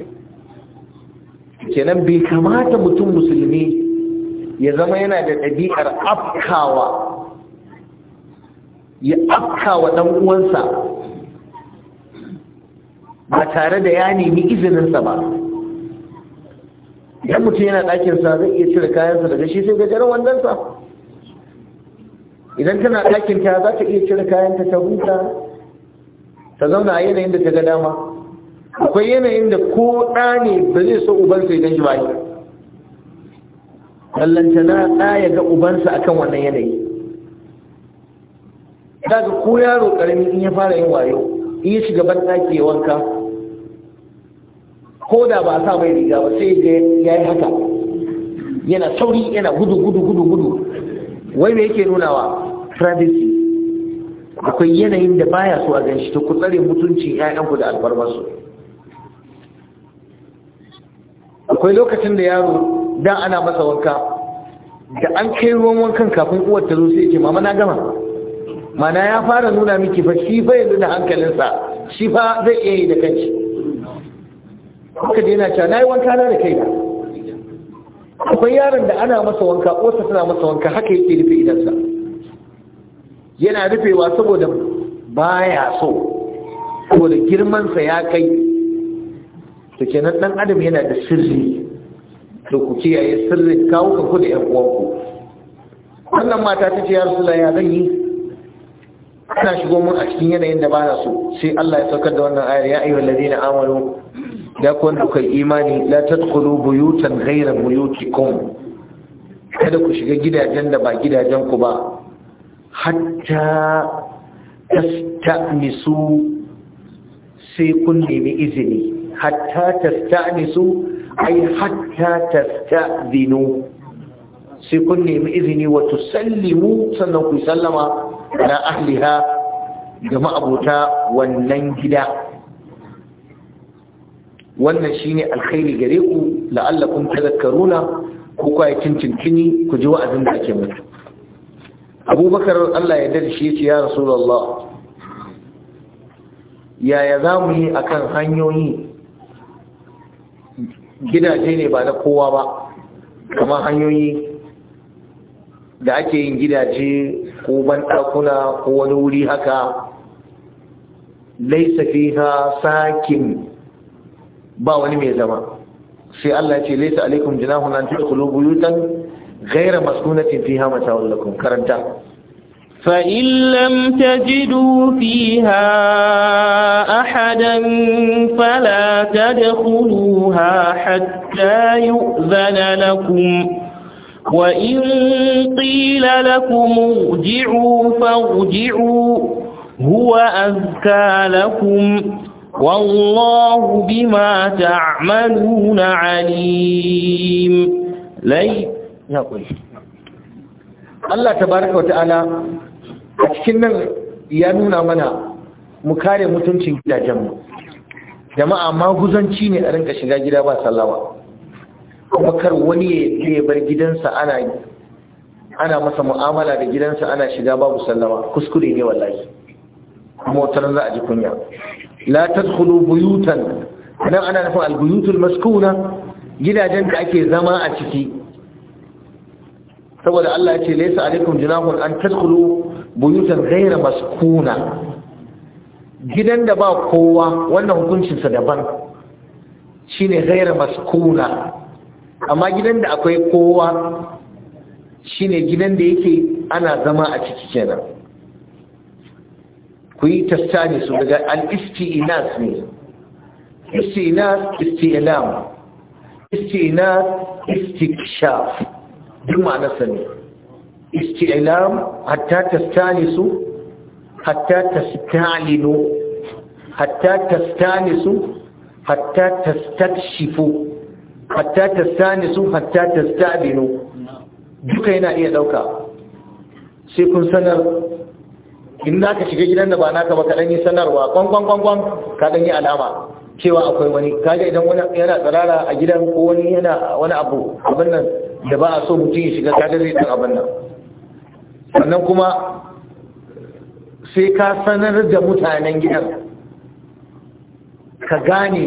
kenan bai kamata mutum musulmi ya zama yana da ɗabi'ar afkawa ya afkawa ɗan uwansa ba tare da ya nemi izininsa ba idan mutum yana ɗakinsa zai iya cire kayansa daga shi sai gajeren wandonsa idan tana ɗakinta za ta iya cire kayanta ta huta ta zauna a yanayin da ta ga dama akwai yanayin da ko ɗa ne ba zai so ubansa idan shi ba ballantana ɗa ya ga ubansa akan wannan yanayi daga ko yaro ƙarami in ya fara yin wayo in ya shiga ban ɗaki ya wanka ko da ba a sa mai riga ba sai ga ya yi haka yana sauri yana gudu gudu gudu gudu wai me yake nunawa tradisi akwai yanayin da baya so a ganshi to ku tsare mutunci 'ya'yanku da albarmarsu akwai lokacin da yaro dan ana masa wanka da an kai ruwan wankan kafin uwar ta zo sai ce mama na gama mana ya fara nuna miki fa shi fa yanzu da hankalinsa shi fa zai iya yi da kanshi kuka daina cewa na yi wanka na da kaina akwai yaron da ana masa wanka uwarsa tana masa wanka haka yake rufe idansa yana rufewa saboda baya so saboda girmansa ya kai to kenan dan adam yana da sirri to ku kiyaye sirrin kawo ka ku da ƴan uwanku wannan mata ta ce ya rasu ya zan yi ana shigo mun a cikin yanayin da bana so sai Allah ya saukar da wannan ayar ya ayyuhal ladina amanu da ku duka imani la tadkhulu buyutan ghayra buyutikum kada ku shiga gidajen da ba gidajen ku ba hatta tastanisu sai kun nemi izini hatta tasta'nisu ay hatta tasta'dinu sai kun nemi izini wa tusallimu sannan ku sallama ala ahliha ga ma'abota wannan gida wannan shine alkhairi gare ku la'allakum tadhakkaruna ku kwaye cincin ku ji wa'azin da ake mutu abubakar Allah ya dade shi ya ce ya rasulullah yaya za mu yi akan hanyoyi gidaje ne ba na kowa ba kamar hanyoyi da ake yin gidaje ko banɗakuna ko wani wuri haka laisa fiha sakin ba wani mai zama sai Allah ya ce laisa alaikum jinahun an gaira buyutan ghayra maskunatin fiha mata'un lakum karanta فإن لم تجدوا فيها أحدا فلا تدخلوها حتى يؤذن لكم وإن قيل لكم ارجعوا فارجعوا هو أذكى لكم والله بما تعملون عليم لي يقول الله تبارك وتعالى a cikin nan ya nuna mana mu kare mutuncin gidajenmu jama'a maguzanci ne a rinka shiga gida ba sallama kuma kar wani ya bar gidansa ana ana masa mu'amala da gidansa ana shiga babu sallama kuskure ne wallahi kuma za a ji kunya la tadkhulu buyutan nan ana nufin albuyutul maskuna gidajen da ake zama a ciki saboda Allah ya ce laysa alaikum junahun an tadkhulu buyutan gaira maskuna gidan da ba kowa wannan hukuncinsa daban shine gaira maskuna amma gidan da akwai kowa shine gidan da yake ana zama a ciki kenan ku yi tastani su daga al-isti'inas ne isti'inas isti'lam isti'inas istikshaf duk ma'anarsa ne isti'lam hatta tastanisu hatta tastalinu hatta tastanisu hatta tastakshifu hatta tastanisu hatta tastabinu duka yana iya dauka sai kun sanar in za ka shiga gidan da ba naka ba kaɗan yi sanarwa kwan-kwan-kwan kaɗan yi alama cewa akwai wani kaga idan wani yana tsirara a gidan ko wani yana wani abu abin nan da ba a so mutum ya shiga kaɗan zai ɗan abin nan sannan kuma sai ka sanar da mutanen gidan ka gane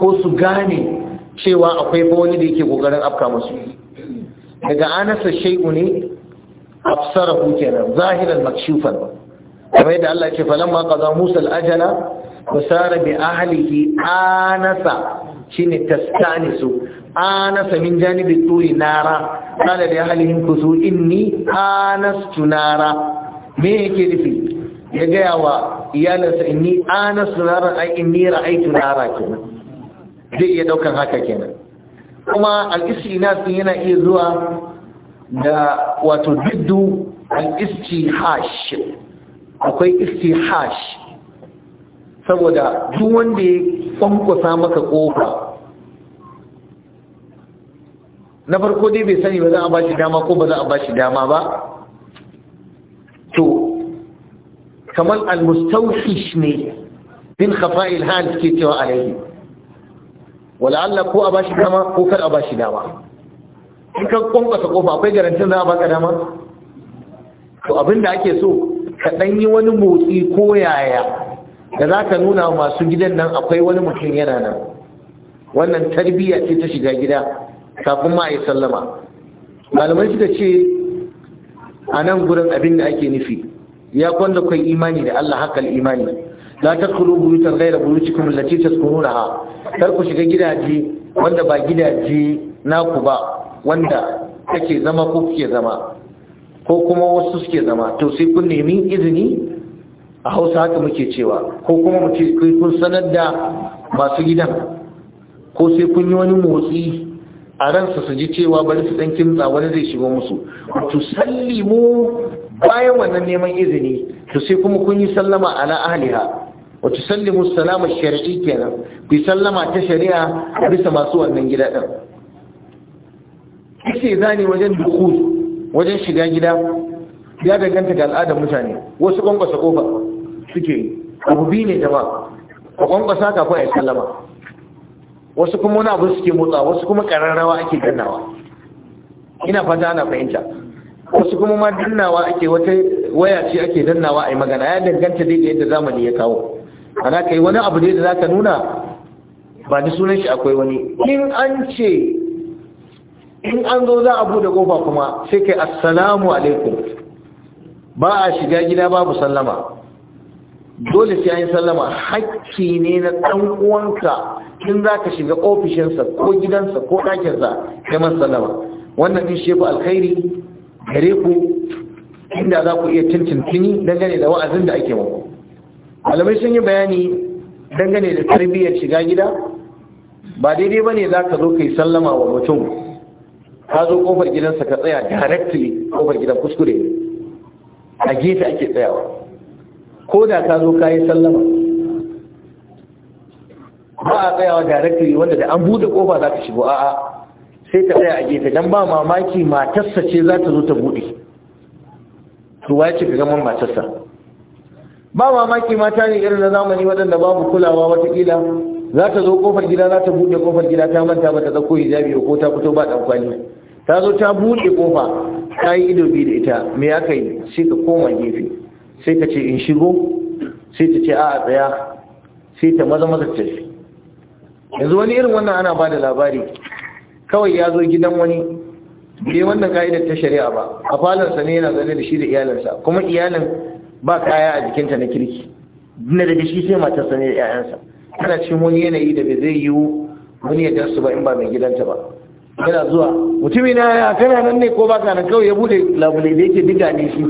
ko su gane cewa akwai wani da yake kokarin afka musu daga anasa shai'u ne absarahu kenan zahiran makshufan kamar yadda Allah ce falamma qaza Musa al-ajala wasara bi ahlihi anasa shine su, anasa min janibin turi nara qala da halin kusu inni Anas Tunara. me yake nufi ya gaya wa iyalinsa inni Anas Tunara? ai inni ra'aytu tunara kenan zai iya daukan haka kenan kuma al sun yana iya zuwa da wato biddu al-istihash akwai istihash saboda duk wanda ya kwankwasa maka kofa na farko dai bai sani ba za a ba shi dama ko ba za a ba shi dama ba to kamar almustawhish ne bin khafa'il hal ke cewa alaihi wala Allah ko a ba shi dama ko kar a ba shi dama in ka kwankwasa kofa akwai garantin za a baka dama to abinda ake so ka dan yi wani motsi ko yaya da za ka nuna masu gidan nan akwai wani mutum yana nan wannan tarbiyya ce ta shiga gida kafin ma a yi sallama malamai suka ce a nan gurin abin da ake nufi ya kwanda kai imani da Allah haƙƙal imani la tadkhulu buyutan ta buyutikum allati ha kar ku shiga gidaje wanda ba gidaje naku ba wanda kake zama ko kuke zama ko kuma wasu suke zama to sai kun nemi izini a Hausa haka muke cewa ko kuma mu ce kun sanar da masu gidan ko sai kun yi wani motsi a ransa su ji cewa bari su ɗan kimtsa wani zai shigo musu to sallimu bayan wannan neman izini to sai kuma kun yi sallama ala ahliha wa tusallimu salama shar'i kenan ku sallama ta shari'a bisa masu wannan gida din kike zani wajen dukhul wajen shiga gida ya danganta ga al'adar mutane wasu kwankwasa kofa suke abu biyu ne jama'a kwankwasa kafin a yi sallama wasu kuma wani abu suke motsa wasu kuma ƙararrawa ake dannawa ina fata ana fahimta wasu kuma ma dannawa ake wata waya ce ake dannawa a yi magana ya danganta dai da yadda zamani ya kawo ana kai wani abu dai da za ka nuna ba ni sunan shi akwai wani in an ce in an zo za a buɗe kofa kuma sai kai assalamu alaikum ba a shiga gida babu sallama dole sai an yi sallama hakki ne na ɗan uwanka tun za ka shiga ofishinsa ko gidansa ko ɗakinsa kai sallama wannan din shefu alkhairi gare ku inda za ku iya tintintini dangane da wa'azin da ake muku malamai sun yi bayani dangane da tarbiyyar shiga gida ba daidai ba ne za ka zo ka yi sallama wa mutum ka zo kofar gidansa ka tsaya directly kofar gidan kuskure a gefe ake tsayawa ko da ka zo ka yi sallama ba a tsayawa directly wanda da an buɗe ƙofa za ka shigo a'a sai ta tsaya a gefe don ba mamaki matarsa ce za ta zo ta buɗe ruwa ce ka gama matarsa ba mamaki mata ne irin na zamani waɗanda babu kulawa watakila za ta zo ƙofar gida za ta buɗe kofar gida ta manta ba ta ɗauko hijabi ko ta fito ba ɗan kwali ta zo ta buɗe ƙofa ta yi ido biyu da ita me ya kai sai ka koma gefe sai ka ce in shigo sai ta ce a'a tsaya sai ta maza maza tafi yanzu wani irin wannan ana ba da labari kawai ya zo gidan wani bai wannan ka'idar ta shari'a ba a falonsa ne yana zane da shi da iyalinsa kuma iyalin ba kaya a jikinta na kirki na daga shi sai matarsa ne da 'ya'yansa tana cin wani yanayi da bai zai yiwu wani yadda su ba in ba mai gidanta ba yana zuwa mutumi na ya kana nan ne ko baka nan kawai ya bude labule da yake diga ne shi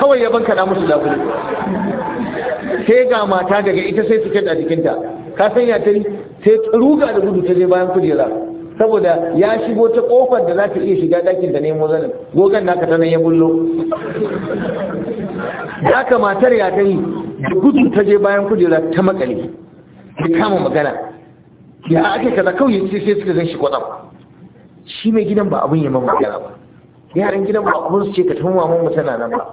kawai ya banka na musu labule sai ga mata daga ita sai su a jikinta ka san ya ta sai ruga da gudu ta je bayan kujera saboda ya shigo ta kofar da za ta iya shiga ɗakin da nemo zanen, gogan naka ta nan ya bullo haka matar ya ta yi da gudu ta je bayan kujera ta makale ya kama magana ya ake kaza kawai sai suka zan shi kwatsam shi mai gidan ba abin yi magana ba yaran gidan ba abin su ce ka tafi maman mu tana nan ba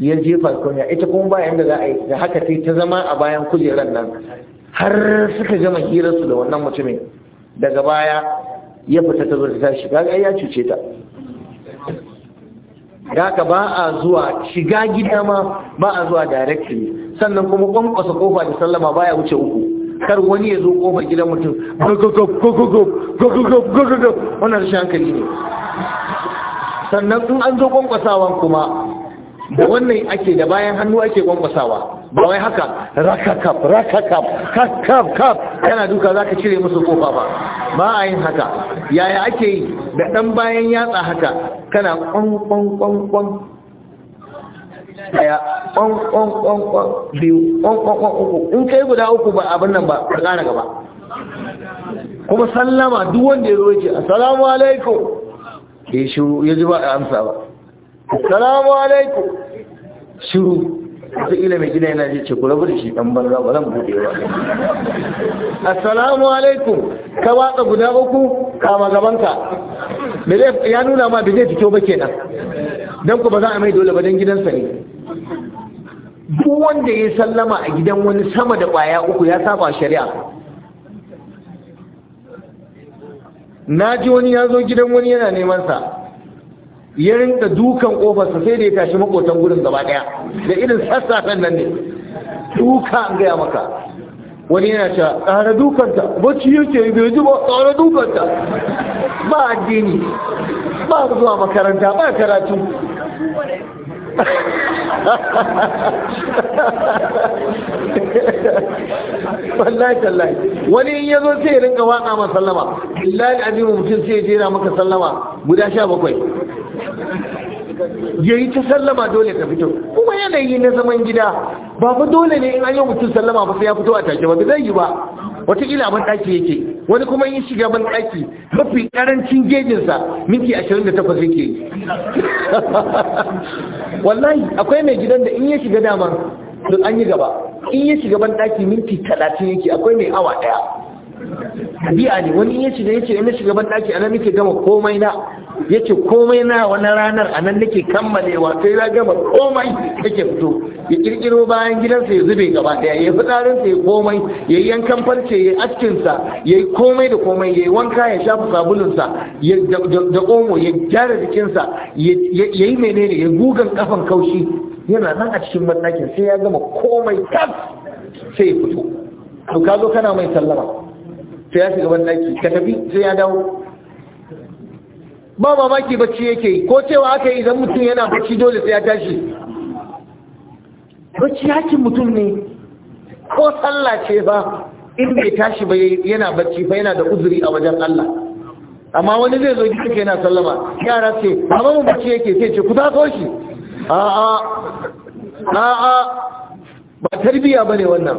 ya jefa kunya ita kuma ba yanda za a yi da haka sai ta zama a bayan kujerar nan har suka gama hirarsu da wannan mutumin daga baya ya fita ta zo ta shiga ga ya cuce ta da haka ba a zuwa shiga gida ma ba a zuwa directly sannan kuma kwankwasa kofa da sallama baya wuce uku kar wani ya zo kofar gidan mutum wannan hankali ne sannan in an zo kuma da wannan ake da bayan hannu ake kwankwasawa ba wai haka rakakaf rakakaf kakaf kaf kana duka zaka cire musu kofa ba ba a yin haka yaya ake yi da ɗan bayan yatsa haka kana kwan-kwan-kwan-kwan kwan-kwan-kwan-kwan uku in kai guda uku ba abin nan ba ka kara gaba kuma sallama duk wanda ya zo ya ce assalamu alaikum ya ya ji a salamu alaikum shiru wata ila mai gida yana ce ku rabu da shi dan banza ba zan bude ba assalamu alaikum ka watsa guda uku kama gabanka ya nuna ma da zai fito ba kenan dan ku ba za a mai dole ba dan gidansa ne duk wanda ya sallama a gidan wani sama da kwaya uku ya saba shari'a na ji wani ya zo gidan wani yana neman sa ya rinka dukan kofarsa sai da ya tashi makotan gurin gaba daya da irin sassafen nan ne duka an gaya maka wani yana cewa tsara dukanta bacci yake yi bai ji ba tsara dukanta ba addini ba zuwa makaranta ba karatu wallahi tallahi wani in yazo sai ya rinka waka ma sallama billahi azimu mutum sai ya jera maka sallama guda sha bakwai ya yi ta sallama dole ta fito kuma yanayi na zaman gida ba fa dole ne in an yi mutum sallama ba sai ya fito a take ba zai yi ba ila ban daki yake wani kuma yin shiga ban daki mafi ƙarancin gejinsa minti ashirin da takwas yake yi wallahi akwai mai gidan da in ya shiga daman, to an yi gaba in ya shiga ban daki minti 30 yake akwai mai awa ɗaya tabi'a ne wani in ya shiga yake in ya shiga ban daki ana muke gama komai na ya ce komai na wani ranar a nan nake kammalewa sai ya gama komai yake fito ya kirkiro bayan gidansa ya zube gaba daya ya fitsarinsa ya komai ya yi yankan farce ya askinsa ya yi komai da komai ya yi wanka ya shafa sabulunsa da omo ya gyara jikinsa ya yi menene ya gugan kafan kaushi yana nan a cikin matakin sai ya gama komai tas sai ya fito to ka zo kana mai sallama sai ya shiga ɗaki ka tafi sai ya dawo ba mamaki bacci yake yi ko cewa aka yi idan mutum yana bacci dole sai ya tashi bacci yakin mutum ne ko sallah ce ba in bai tashi ba yana bacci ba yana da uzuri a wajen Allah amma wani zai zo gidanka yana sallama yara ce amma mun bacci yake sai ce ku taso shi a'a a'a ba tarbiya ne wannan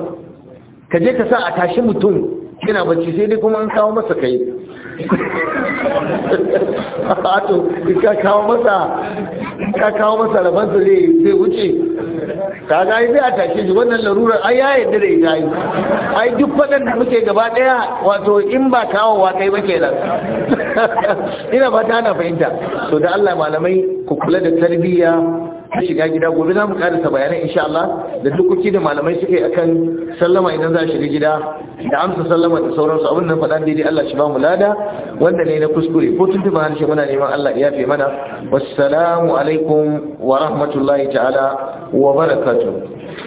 ka je ka sa a tashi mutum yana bacci sai dai kuma an kawo masa kai to ka kawo masa ka kawo masa rabansa zai wuce ka ga zai a tashe shi wannan larurar ai ya yadda da ita ai duk faɗan da muke gaba ɗaya wato in ba kawo wa kai ba kenan ina fata ana fahimta to da Allah malamai ku kula da tarbiyya a shiga gida gobe za mu karasa bayanai insha Allah da dukkuki da malamai suka yi akan sallama idan za shiga gida da amsa sallama da sauransu abin nan dai daidai Allah shi ba mu lada wanda ne na kuskure ko tun tuba harshe muna neman Allah ya fi mana wassalamu alaikum wa rahmatullahi ta'ala wa barakatuh